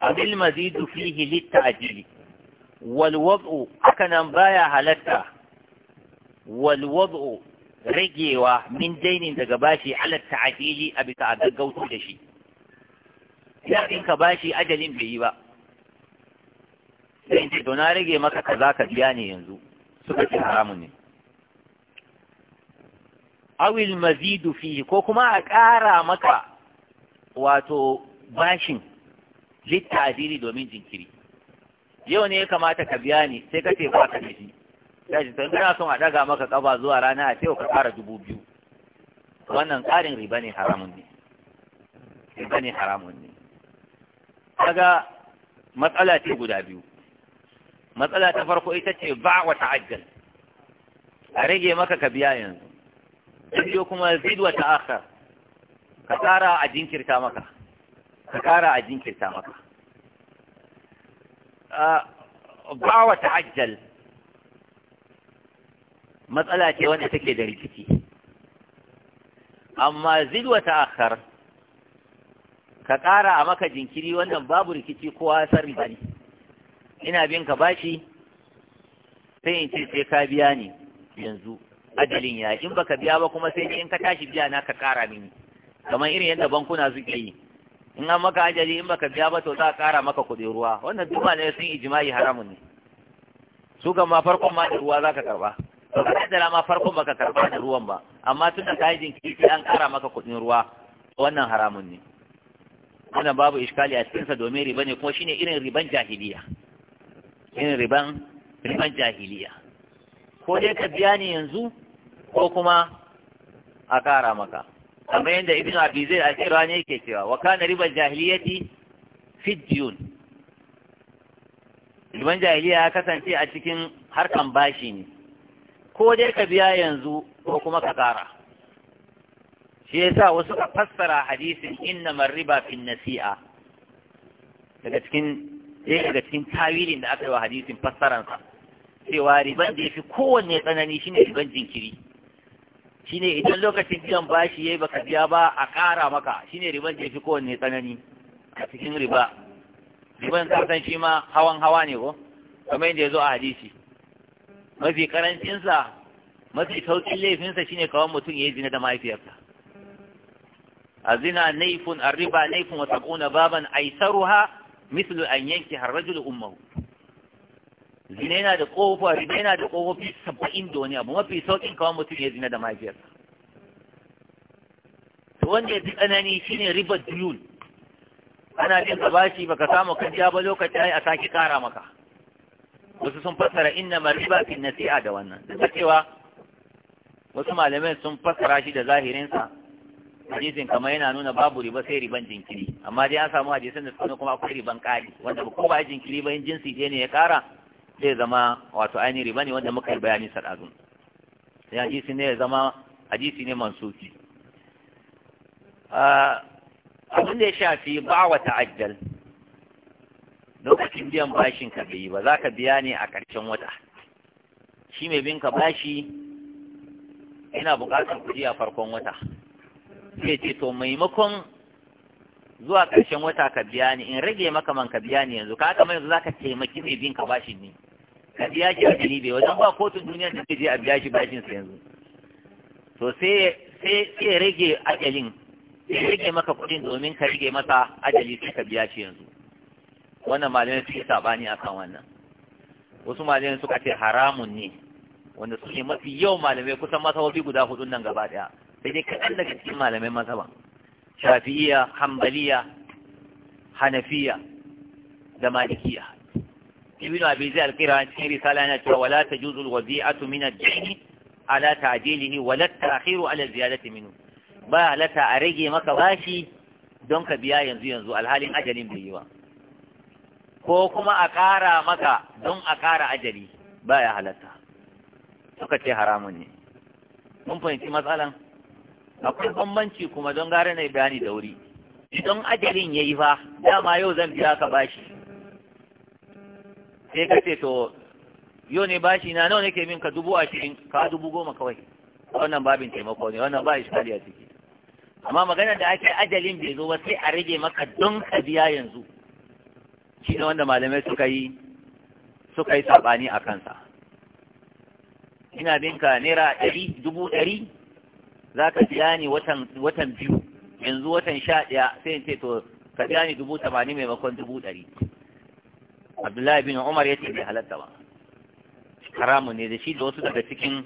abil mazidu fihi lit ta'jili wal waqu akanan baya halatta wal waqu ragewa min dainin daga bashi ala ta'jili a bisa da shi ya in ka bashi ajalin bai yi ba sai ce to na rage maka kaza ka biya ne yanzu suka ce haramun ne awil mazidu fihi ko kuma a ƙara maka wato bashin littadiri domin jinkiri yau ne ya kamata ka biya ni sai ka ce ba ka da shi ya ce tun kana son a daga maka kaba zuwa rana a yau ka ƙara dubu biyu wannan ƙarin riba ne haramun ne riba ne haramun ne kaga matsala ce guda biyu matsala ta farko ita ce ba wa ta'ajjal a rage maka ka biya yanzu biyo kuma zid wa ta'akhar ka tsara a jinkirta maka ka tsara a jinkirta maka ba wa ta'ajjal matsala ce wanda take da rikici amma zid wa ta'akhar ka tsara a maka jinkiri wannan babu rikici kowa san riba ne ina bin ka bashi sai in ce sai ka biya ni yanzu ajalin ya in baka biya ba kuma sai in ka tashi biya na ka kara mini kamar irin yadda bankuna suke yi in an maka ajali in baka biya ba to za a kara maka kuɗin ruwa wannan duma ne sun ijma'i haramun ne su kan ma farkon ma da ruwa za ka karba to ka da ma farkon baka karba da ruwan ba amma tun da kayi jinkiri sai an kara maka kuɗin ruwa wannan haramun ne wannan babu iskali a cikinsa domin riba ne kuma shine irin riban jahiliya yin riban riban jahiliya ko dai ka biya ni yanzu ko kuma a ƙara maka kamar yadda ibn abi zai a kira ne yake cewa wa kana riban jahiliyati fi diyun riban jahiliya ya kasance a cikin harkan bashi ne ko dai ka biya yanzu ko kuma ka kara shi yasa wasu ka fassara hadisin innamar riba fin nasi'a daga cikin sai daga cikin tawilin da aka yi wa hadisin fassaransa cewa riban da ya fi kowanne tsanani shi ne riban jinkiri Shi ne idan lokacin biyan bashi yi baka biya ba a ƙara maka Shi ne riban da ya fi kowanne tsanani a cikin riba riban kasan shi ma hawan hawa ne ko kamar yadda ya zo a hadisi mafi karancinsa mafi sauƙin laifinsa shi ne kawai mutum ya yi zina da mahaifiyarsa a zina naifun a riba naifun wa ƙuna baban aisaruha mislu an yanki har rajul ummahu zina yana da kofa zina yana da kofofi saba'in da wani abu mafi sauƙin kawai mutum ya zina da majiyar to wanda ya fi tsanani shine riba duyul ana jin ka bashi baka samu kan ja ba lokacin ai a saki kara maka wasu sun fassara inna riba fi nasi'a da wannan da cewa wasu malamai sun fassara shi da zahirinsa hadisin kamar yana nuna babu riba sai riban jinkiri amma dai an samu hadisin da suna kuma akwai riban kari wanda ba ba jinkiri ba in jinsi ne ya kara zai zama wato ainihin riba ne wanda muka yi bayani sadazun sai hadisi ne ya zama hadisi ne mansuki ah, abin da ya shafi ba wa ta'ajjal lokacin biyan bashin ka bai ba za ka biya ne a ƙarshen wata shi mai bin ka bashi yana buƙatar kuɗi a farkon wata sai ce to maimakon zuwa ƙarshen wata ka biya ni in rage maka man ka biya ni yanzu ka haka yanzu zaka taimaki mai bin ka bashin ne ka biya shi a bai wajen ba kotun duniya da je a biya shi bashin sa yanzu to sai sai rage ajalin sai rage maka kuɗin domin ka rage masa ajali sai ka biya shi yanzu wannan malamai suke sabani akan wannan wasu malamai suka ce haramun ne wanda suke mafi yau malamai kusan masawafi guda hudun nan gaba daya sai dai kaɗan daga cikin malamai mazhaba shafi'iya hambaliya hanafiya da malikiya ibnu abi zai alkira cikin risala yana cewa wala tajuzu alwadi'atu min ad-dayn ala ta'jilihi wala ta'khiru ala ziyadati minhu ba halata a rage maka bashi don ka biya yanzu yanzu alhalin ajalin bai yi ba ko kuma a ƙara maka don a ƙara ajali ba ya halatta suka ce haramun ne mun fahimci matsalan akwai bambanci kuma don gara na bayani da wuri don ajalin ya yi fa dama yau zan biya ka bashi sai ka ce to yau ne bashi na nawa nake min ka dubu ashirin ka dubu goma kawai wannan babin taimako ne wannan ba iskali a ciki amma magana da ake ajalin bai zo ba sai a rage maka don ka biya yanzu shi ne wanda malamai suka yi suka yi saɓani a kansa ina binka naira ɗari dubu ɗari za ka biya ni watan biyu yanzu watan sha ɗaya sai in ce to ka biya ni dubu tamanin maimakon dubu ɗari abdullahi bin umar ya ce bai halatta ba haramun ne da shi da wasu daga cikin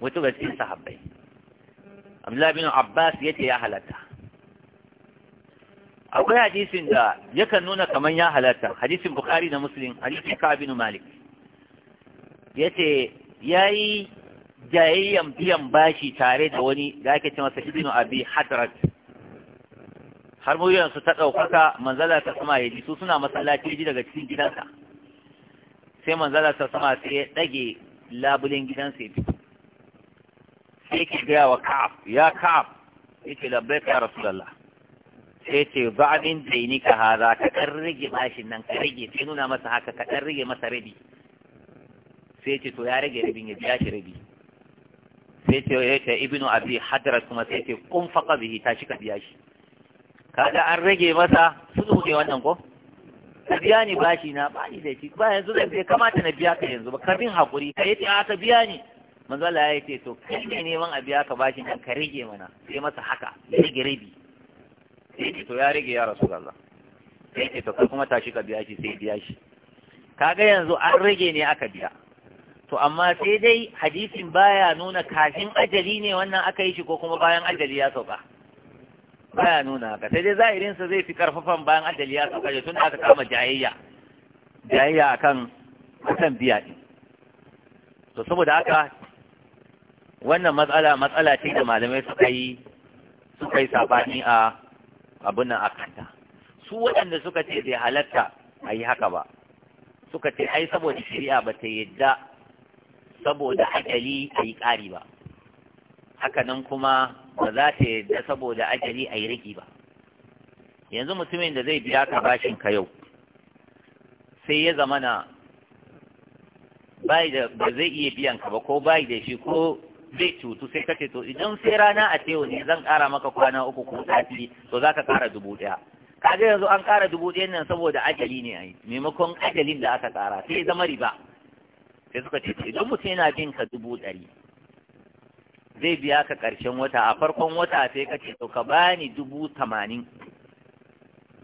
wasu daga cikin sahabbai abdullahi bin abbas ya ce ya halatta akwai hadisin da yakan nuna kamar ya halatta hadisin bukari da muslim hadisin ka bin malik ya ce ya yi jayayyan biyan bashi tare da wani da ake ce masa ibnu abi hadrat har muryan su ta ɗaukaka manzala ta sama ya ji su suna masallaci ji daga cikin gidansa sai manzala ta sama sai ya ɗage labulin gidansa ya fito sai ke gaya wa kaf ya kaf yake labbaika ya rasulallah sai ce ba'adin dainika haza ka ɗan rage bashin nan ka rage sai nuna masa haka ka ɗan rage masa rabi sai ce to ya rage rabin ya biya shi rabi sai ce ya ta ibnu abi hadrat kuma sai ce kun faqa bihi ta shi ka biya shi kaga an rage masa sulhu ne wannan ko ka biya ni bashi na ba ni da shi ba yanzu zan ce kamata na biya ka yanzu ba ka bin hakuri ka yi a ka biya ni manzo Allah ya ce to kai ne neman a biya ka bashi nan ka rage mana sai masa haka ya rage rabi sai ce to ya rage ya rasulullah sai ce to kai kuma tashi ka biya shi sai biya shi kaga yanzu an rage ne aka biya to amma sai dai hadisin baya nuna kafin ajali ne wannan aka yi shi ko kuma bayan ajali ya sauka baya nuna haka sai dai zahirinsa zai fi karfafan bayan ajali ya sauka da tun aka kama jayayya jayayya akan akan biya din to saboda haka wannan matsala matsala ce da malamai suka yi suka yi sabani a abin nan a kanta su waɗanda suka ce bai halatta a yi haka ba suka ce ai saboda shari'a ba ta yadda saboda ajali a yi ƙari ba hakanan kuma ba za ta yadda saboda ajali a yi riƙi ba yanzu mutumin da zai biya ka bashin ka yau sai ya zama na, bai da ba zai iya biyan ka ba ko bai da shi ko zai cutu sai kace to idan sai rana a teyo ne zan ƙara maka kwana uku ko tafi to za ka ƙara dubu ɗaya kaga yanzu an ƙara dubu ɗaya nan saboda ajali ne a yi maimakon ajalin da aka ƙara sai zama riba sai suka ce idan mutum yana bin ka dubu ɗari zai biya ka ƙarshen wata a farkon wata sai ka ce to ka bani dubu tamanin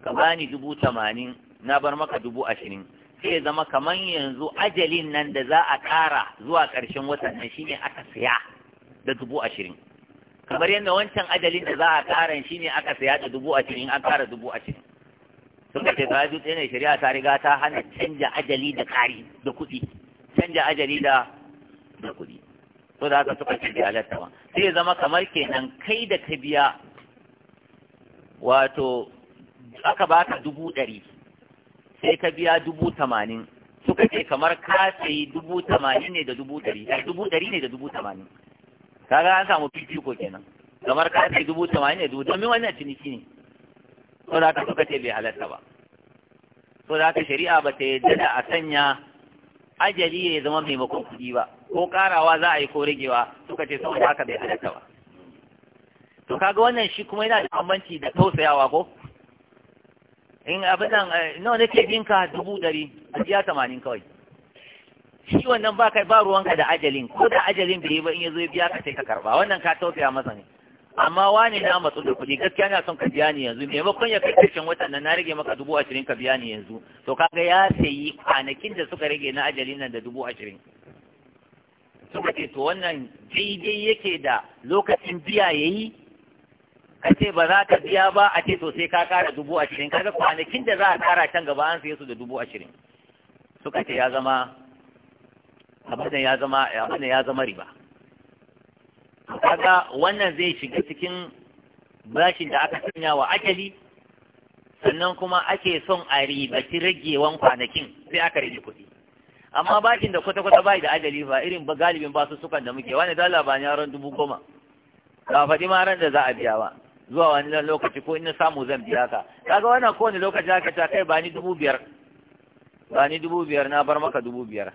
ka bani dubu tamanin na bar maka dubu ashirin sai zama kamar yanzu ajalin nan da za a ƙara zuwa ƙarshen watan nan shine aka siya da dubu ashirin kamar yadda wancan ajalin da za a ƙara shine aka siya da dubu ashirin an ƙara dubu ashirin sun ka ce ta yi ne shari'a ta riga ta hana canja ajali da ƙari da kuɗi canja ajali da da kuɗi to da haka suka ce bai halatta ba sai ya zama kamar kenan kai da ka biya wato aka baka dubu ɗari sai ka biya dubu tamanin suka ce kamar ka sayi dubu tamanin ne da dubu ɗari eh, dubu ɗari ne da dubu tamanin kaga an samu fifiko kenan kamar ka sayi dubu tamanin ne dubu domin wannan ciniki ne to da haka suka ce bai halatta ba to da haka shari'a ba ta yadda da a sanya ajali ne zama maimakon kuɗi ba ko ƙarawa za a yi ko ragewa suka ce saboda haka bai halatta ba to kaga wannan shi kuma yana da bambanci da tausayawa ko in abin nan eh, nawa nake binka dubu ɗari a biya tamanin kawai shi wannan ba kai ba ruwanka da ajalin ko da ajalin bai yi ba in ya zo ya biya ka sai ka karba wannan ka tausaya masa ne amma wani na matsu da kuɗi gaskiya na son ka biya ni yanzu maimakon ya kai karshen watan nan na rage maka dubu ashirin ka biya ni yanzu to kaga ya sayi kwanakin da suka rage na ajali nan da dubu ashirin suka ce to wannan daidai yake da lokacin biya ya yi ka ce ba za ka biya ba a ce to sai ka kara dubu ashirin kaga kwanakin da za a kara can gaba an saye su da dubu ashirin suka ce ya zama abin ya zama riba kaga wannan zai shiga cikin bashin da aka sanya wa ajali sannan kuma ake son a ribaci ragewan kwanakin sai aka rage kuɗi amma bashin da kwata-kwata bai da ajali ba irin ba galibin basu sukan da muke wani dala ba yaron dubu goma ba faɗi ma ran da za a biya ba zuwa wani dan lokaci ko in na samu zan biya ka kaga wannan kowane lokaci aka ta kai ba ni dubu biyar ba ni dubu biyar na bar maka dubu biyar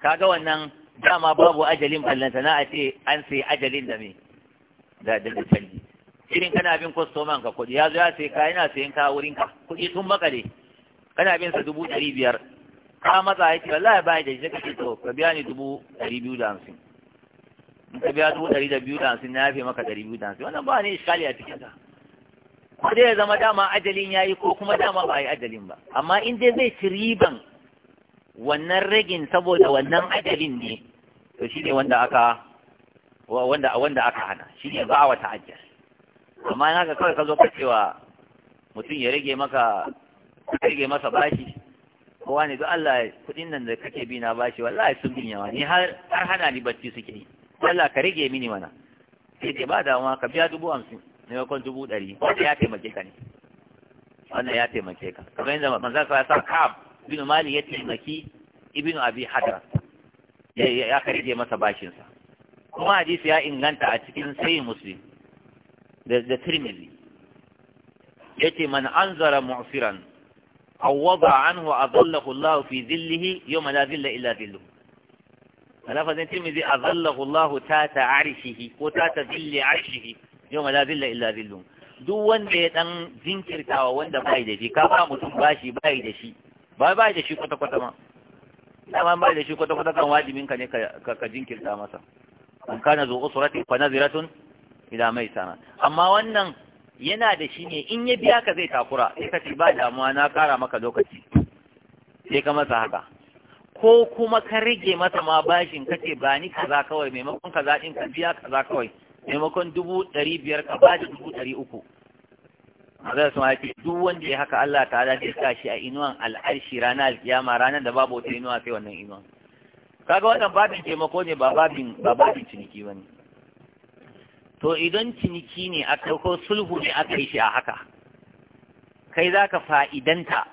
kaga wannan dama babu ajalin ballantana a ce an sai ajalin da me da da canji irin kana bin kwastoman ka kuɗi ya zo ya sai ka yana sayan ka wurin ka kuɗi sun makale kana bin sa dubu ɗari biyar ka matsa ya ce wallahi ba da shi kake to ka biya ni dubu ɗari biyu da hamsin in ka biya dubu ɗari da biyu da hamsin na yafe maka ɗari biyu da hamsin wannan ba ne iskali a cikin ka ko dai ya zama dama ajalin ya yi ko kuma dama ba a yi ajalin ba amma in dai zai ci riban wannan ragin saboda wannan ajalin ne to ne wanda aka wanda wanda aka hana shi ne ba wa ta'ajjal amma in haka kawai ka zo ka cewa mutum ya rage maka rage masa bashi kowa ne duk Allah kudin nan da kake bi na bashi wallahi sun bin yawa ni har har hana ni bacci suke yi Allah ka rage mini mana sai ke ba da ma ka biya dubu hamsin maimakon dubu ɗari wanda ya taimake ka ne wannan ya taimake ka kamar yadda manzon sa ya sa kab binu mali ya taimaki ibnu abi hadra ya karje masa bashinsa kuma hadisi ya inganta a cikin sayi muslim da tirmidhi yace man anzara mu'siran an wada a adallahu Allah fi dhillihi yawma la dhilla illa dhilluhu lafazin a adallahu Allah tata arshihi ko tata dhilli arshihi yawma la dhilla illa dhilluhu duk wanda ya dan jinkirtawa wanda bai da shi ka ba mutum bashi bai da shi ba bai da shi kwata kwata ma dama bai da shi kwata kwata kan wajibin ka ne ka jinkirta masa an kana zo usratin fa naziratun ila mai sana amma wannan yana da shi ne in ya biya ka zai takura sai ka ci ba damuwa na kara maka lokaci sai ka masa haka ko kuma ka rage masa ma bashin ka ce ba ni kaza kawai maimakon kaza din ka biya kaza kawai maimakon dubu ɗari biyar ka ba da dubu ɗari uku Maza su ce duk wanda ya haka Allah ta'ala zai sa shi a inuwan al'arshi ranar alkiyama ranar da babu wata inuwa sai wannan inuwan. Kaga wannan babin taimako ne ba babin ba ne. ciniki To idan ciniki ne a ko sulhu ne aka yi shi a haka. Kai za ka fa'idanta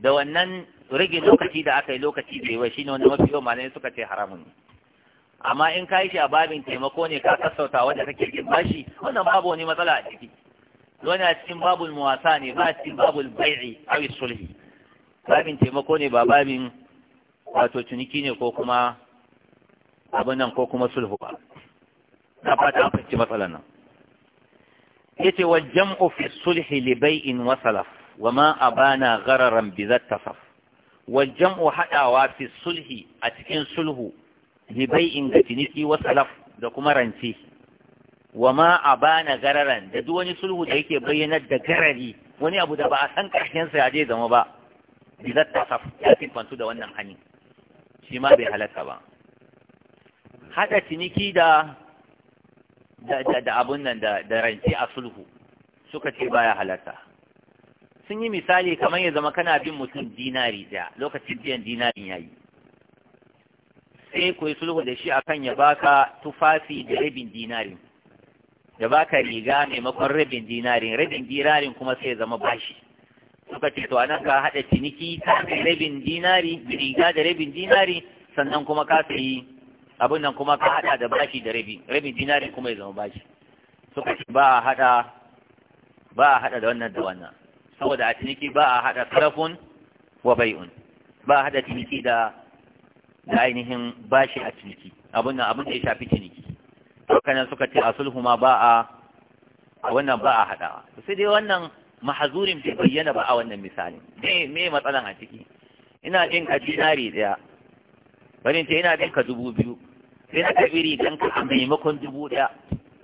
da wannan rage lokaci da aka yi lokaci da yawa shine wanda mafi yawan malamai suka ce haramun ne. Amma in ka yi shi a babin taimako ne ka sassauta wanda kake jin bashi wannan babu wani matsala a ciki. wani a cikin babul muwasa ne ba a cikin babul bai'i awi sulhi babin taimako ne ba babin wato tuniki ne ko kuma abin nan ko kuma sulhu ba na fata an fahimci matsalar nan ce wal jam'u fi sulhi li bai'in wa salaf wa ma abana ghararan bi saf. wal jam'u hadawa fi sulhi a cikin sulhu li bai'in ga ciniki wa salaf da kuma rance wa ma a bana gararan da duk wani sulhu da yake bayyanar da garari wani abu da ba a san ƙarshensa ya zai zama ba bizar tasaf ya siffantu da wannan hani shi ma bai halatta ba haɗa ciniki da da abun nan da da rance a sulhu suka ce baya halatta sun yi misali kamar ya zama kana bin mutum dinari ɗaya lokacin biyan dinarin ya yi sai ku yi sulhu da shi akan ya baka tufafi da rabin dinarin ya baka riga maimakon rabin dinarin rabin dinarin kuma sai zama bashi suka ce to anan ka haɗa ciniki ka sai rabin dinari riga da rabin dinari sannan kuma ka sayi abin nan kuma ka haɗa da bashi da rabi rabin dinari kuma ya zama bashi suka ce ba a haɗa ba a haɗa da wannan da wannan saboda a ciniki ba a haɗa sarafun wa bai'un ba a haɗa ciniki da da ainihin bashi a ciniki abin nan abin da ya shafi ciniki hakanan suka ce a sulhu ma ba a wannan ba a haɗawa sai dai wannan mahazurin bai bayyana ba a wannan misali me me matsalan a ciki ina jin ka dinari daya bari ce ina jin ka dubu biyu sai na karɓi rigan ka a maimakon dubu daya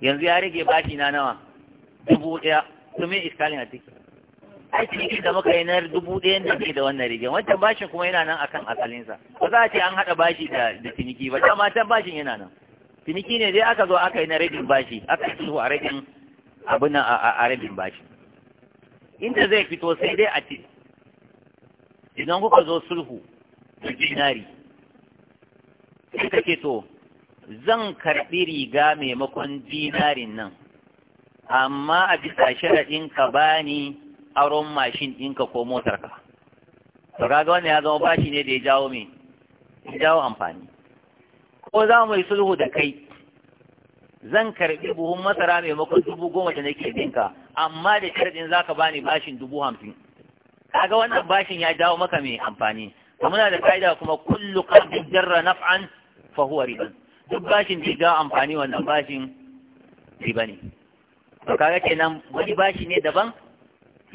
yanzu ya rage bashi na nawa dubu daya to me iskalin a ciki ai ciki da muka yi na dubu ɗayan da ke da wannan rigan wancan bashin kuma yana nan akan asalinsa ba za a ce an haɗa bashi da ciniki ba dama can bashin yana nan ciniki ne dai aka zo aka yi na rabin bashi aka yi su a rabin abin a rabin bashi inda zai fito sai dai a ce idan kuka zo sulhu da dinari sai ka to zan karɓi riga maimakon dinarin nan amma a bisa sharaɗin ka bani auren mashin ɗinka ko motarka to kaga wannan ya zama bashi ne da ya jawo me ya jawo amfani ko za mu yi sulhu da kai zan karɓi buhun masara maimakon dubu goma da nake dinka, amma da sharɗin za ka bani bashin dubu hamsin kaga wannan bashin ya dawo maka mai amfani to muna da ka'ida kuma kullu qardin jarra naf'an fa huwa riba duk bashin da ga amfani wannan bashin riba ne to kaga kenan wani bashi ne daban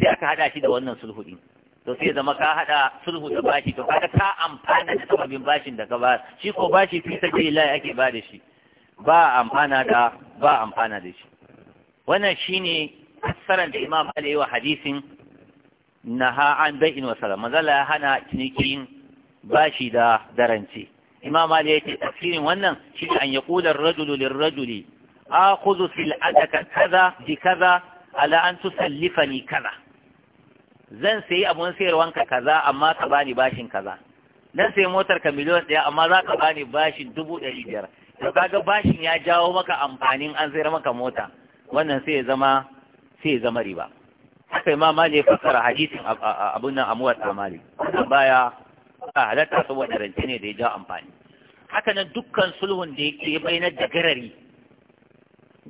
sai aka hada shi da wannan sulhu din to sai zama ka hada sulhu da bashi to kaga ka amfana da sababin bashin da ka ba shi ko bashi fi lai ake ba da shi ba amfana da ba amfana da shi wannan shine asaran da Imam Ali wa hadisin naha an bai'in wa salam hana cinikin bashi da daranci Imam Ali yake tafsirin wannan shi an yaqulu ar-rajulu lir-rajuli akhudhu fil adaka kaza bi kaza ala an tusallifani kaza zan sayi abun sayarwanka kaza amma ka bani bashin kaza nan sai motar ka miliyon ɗaya amma za ka bani bashin dubu ɗari biyar to kaga bashin ya jawo maka amfanin an sayar maka mota wannan sai ya zama sai ya zama riba haka ma mali ya fassara hadisin abun nan amuwar amali baya a halatta saboda rance ne da ya jawo amfani haka nan dukkan sulhun da yake bayyana da garari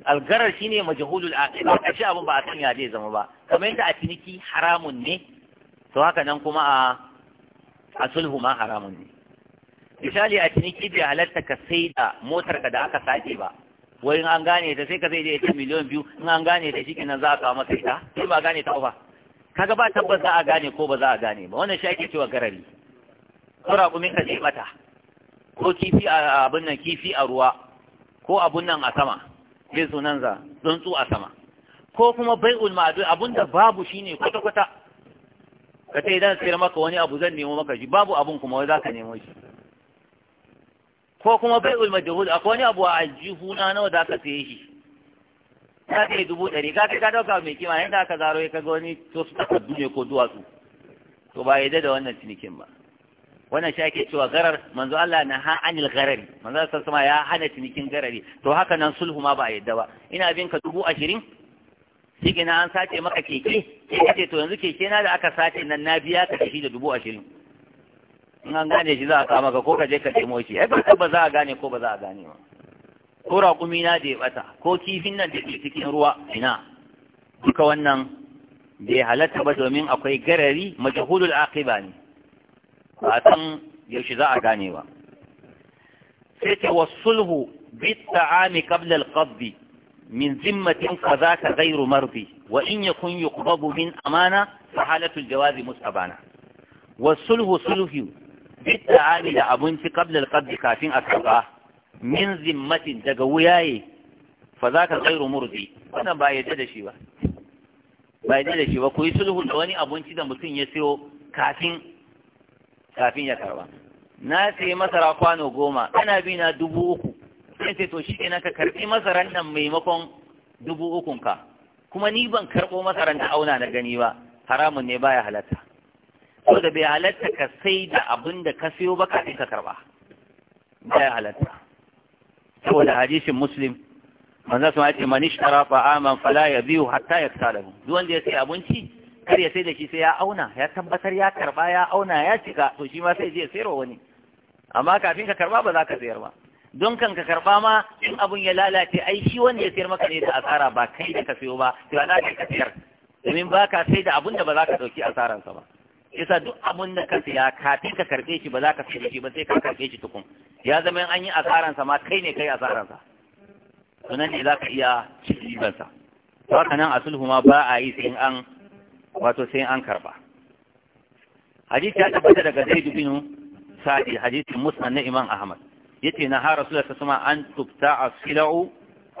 algarar shine majhulul aqiba kashi abun ba a san ya zai zama ba kamar yadda a ciniki haramun ne to haka nan kuma a a sulhu ma haramun ne misali a ciniki bai halatta ka sai da motar ka da aka sace ba wai in an gane ta sai ka sai da ita miliyan biyu in an gane ta shi kenan za a kawo masa ita sai ba gane ta ba kaga ba tabbas za a gane ko ba za a gane ba wannan shi ake cewa garari ko raƙumin ka zai bata ko kifi a abin nan kifi a ruwa ko abun nan a sama zai sunan za tsuntsu a sama ko kuma bai'ul ma'adu abinda babu shine kwata-kwata ka ta idan sayar maka wani abu zan nemo maka shi babu abun kuma wai za ka nemo shi ko kuma bai'ul majhul akwai wani abu a na nawa za ka saye shi ka yi dubu ɗari ka kai ka dauka mai kima yadda aka zaro ya kaga wani to su takardu ne ko duwatsu to ba yadda da wannan cinikin ba wannan shi ake cewa garar manzo Allah na ha anil garari manzo Allah sama ya hana cinikin garari to haka nan sulhu ma ba yadda ba ina bin ka dubu ashirin shi na an sace maka keke sai ka ce to yanzu keke na da aka sace nan na biya ka tafi da dubu ashirin in an gane shi za a kama ka, ko ka je ka nemo shi ai ba za a gane ko ba za a gane ba ko raƙumi na da ya bata ko kifin nan da ke cikin ruwa ina duka wannan bai halatta ba domin akwai garari majahulul aqiba ne ba san yaushe za a gane ba sai ce wasulhu bi ta'ami qabla al min zimmatin fa za ka gairu marbi, wa in ya kun yi kubabu min amana fa halatul jawazi musabana wa sulhu sulhu duk ta'ami da abinci kablal kabdi kafin a karɓa min zimmatin daga wuyaye fa za ka gairu murdi, wannan ba yadda da shi ba ba yadda da shi ba ku yi sulhu da wani abinci da mutum ya siyo kafin kafin ya karba na sayi masara kwano goma ana bi na dubu uku sai sai to shi kenan ka karɓi masaran nan maimakon dubu ukun ka kuma ni ban karɓo masaran da auna na gani ba haramun ne baya halatta da bai halatta ka sai da abin da ka siyo ba kafin ka karɓa baya halatta saboda hadisin muslim manzo sun ce man ishtara Aman, fala yabiu hatta yaktalahu duk wanda ya sai abinci kar ya sai da shi sai ya auna ya tabbatar ya karba ya auna ya cika to shi ma sai je sayarwa wani amma kafin ka karba ba za ka sayar ba don kan ka karba ma in abun ya lalace ai shi wanda ya sayar maka ne da asara ba kai da ka sayo ba to ana da ka sayar domin ba ka sai da abun da ba za ka ɗauki asaransa ba yasa duk abun da ka saya kafin ka karɓe shi ba za ka sayar shi ba sai ka karɓe shi tukun ya zama in an yi asaransa ma kai ne kai asaransa to nan ne za ka iya cin ribansa to haka nan a sulhu ma ba a yi sai an wato sai an karɓa hadisi ya tabbata daga zaidu bin sa'id hadisin musnad na imam ahmad yace na har rasulullah sallallahu alaihi wasallam an tubta'a sila'u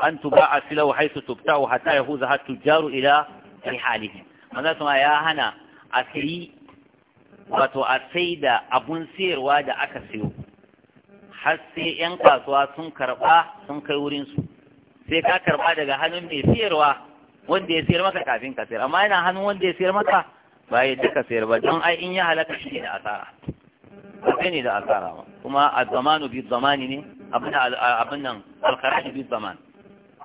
an tuba'a sila'u haythu tubta'u hatta yahuza hatta tujaru ila rihalihim manzo sama ya hana asiri wato a saida abun sayarwa da aka sayo har sai yan kasuwa sun karba sun kai wurin su sai ka karba daga hannun mai sayarwa wanda ya sayar maka kafin ka sayar amma yana hannun wanda ya sayar maka ba yadda ka sayar ba don ai in ya halaka shi ne da asara ba sai ne da asara ba kuma a zamanu bi zamani ne abin nan alkarashi bi zaman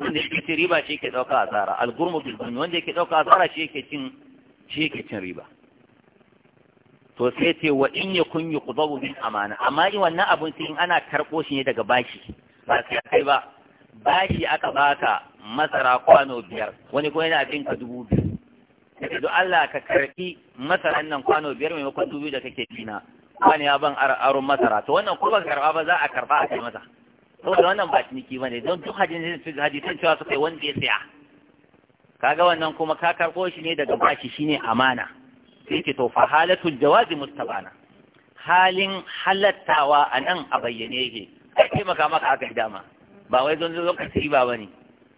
wanda yake cin riba shi yake ɗauka asara algurmu bi zamani wanda yake ɗauka asara shi yake cin shi yake cin riba to sai ce wa in yi yuqdabu bin amana amma in wannan abun sai in ana karɓo shi ne daga bashi ba sai kai ba bashi aka baka masara kwano biyar wani kuma yana bin ka dubu biyu da Allah ka karɓi masaran nan kwano biyar maimakon dubu da kake bina wani ya ban aron masara to wannan ko karba ba za a karba a kai masa da wannan ba ciniki ba ne don duk hadisan cewa suka yi wanda ya saya kaga wannan kuma ka karko shi ne daga bashi shine amana sai ke to fa halatu jawazi mustabana halin halattawa a nan a bayyane yake ai taimaka maka aka dama ba wai don ka ci ba ne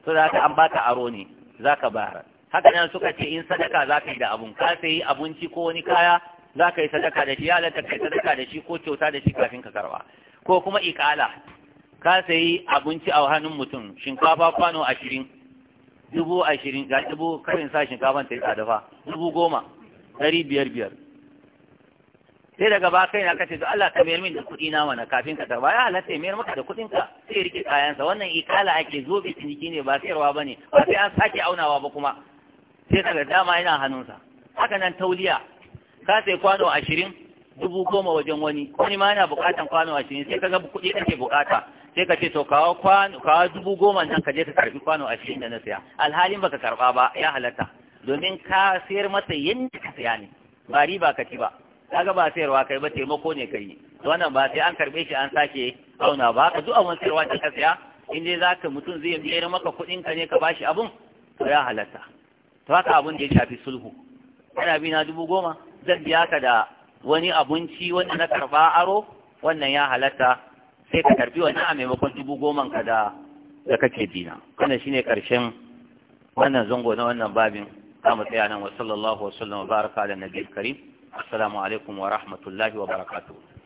to da haka an baka aro ne za ka bayar haka nan suka ce in sadaka zaka yi da abun ka sayi abinci ko wani kaya za ka yi sadaka da shi ya halatta ka yi sadaka da shi ko kyauta da shi kafin ka karba ko kuma ikala ka sayi abinci a hannun mutum shinkafa kwano ashirin dubu ashirin ga dubu karin sa shinkafan ta yi tsadafa dubu goma ɗari biyar biyar sai daga ba kai na kace to Allah ka mayar min da kuɗi na mana kafin ka tarba ya halatta ya mayar maka da kuɗin ka sai rike kayansa wannan ikala ake zo bi ciniki ne ba sayarwa bane ba sai an sake aunawa ba kuma sai kaga dama yana hannunsa haka nan tauliya ka sai kwano ashirin dubu goma wajen wani wani ma yana bukatan kwano ashirin sai kaga kuɗi kake bukata sai ka ce to kawo kwano dubu goma nan ka je ka karbi kwano ashirin da na saya alhalin baka karba ba ya halatta domin ka sayar masa yanda ka saya ne ba riba ka ci ba kaga ba sayarwa kai ba taimako ne kai to wannan ba sai an karbe shi an sake auna ba ka duk wani sayarwa ta ka saya in dai za ka mutum zai biyar maka kuɗin ka ne ka bashi abun to ya halatta to haka abun da ya shafi sulhu kana bi na dubu goma zan biya ka da wani abinci wanda na karba aro wannan ya halatta sai ka karbi wani a maimakon dubu goman ka da kake dina wannan ne karshen wannan zango na wannan babin za mu tsaya nan wa sallallahu wa sallam wa baraka da Nabi karim assalamu alaikum wa rahmatullahi wa barakatuh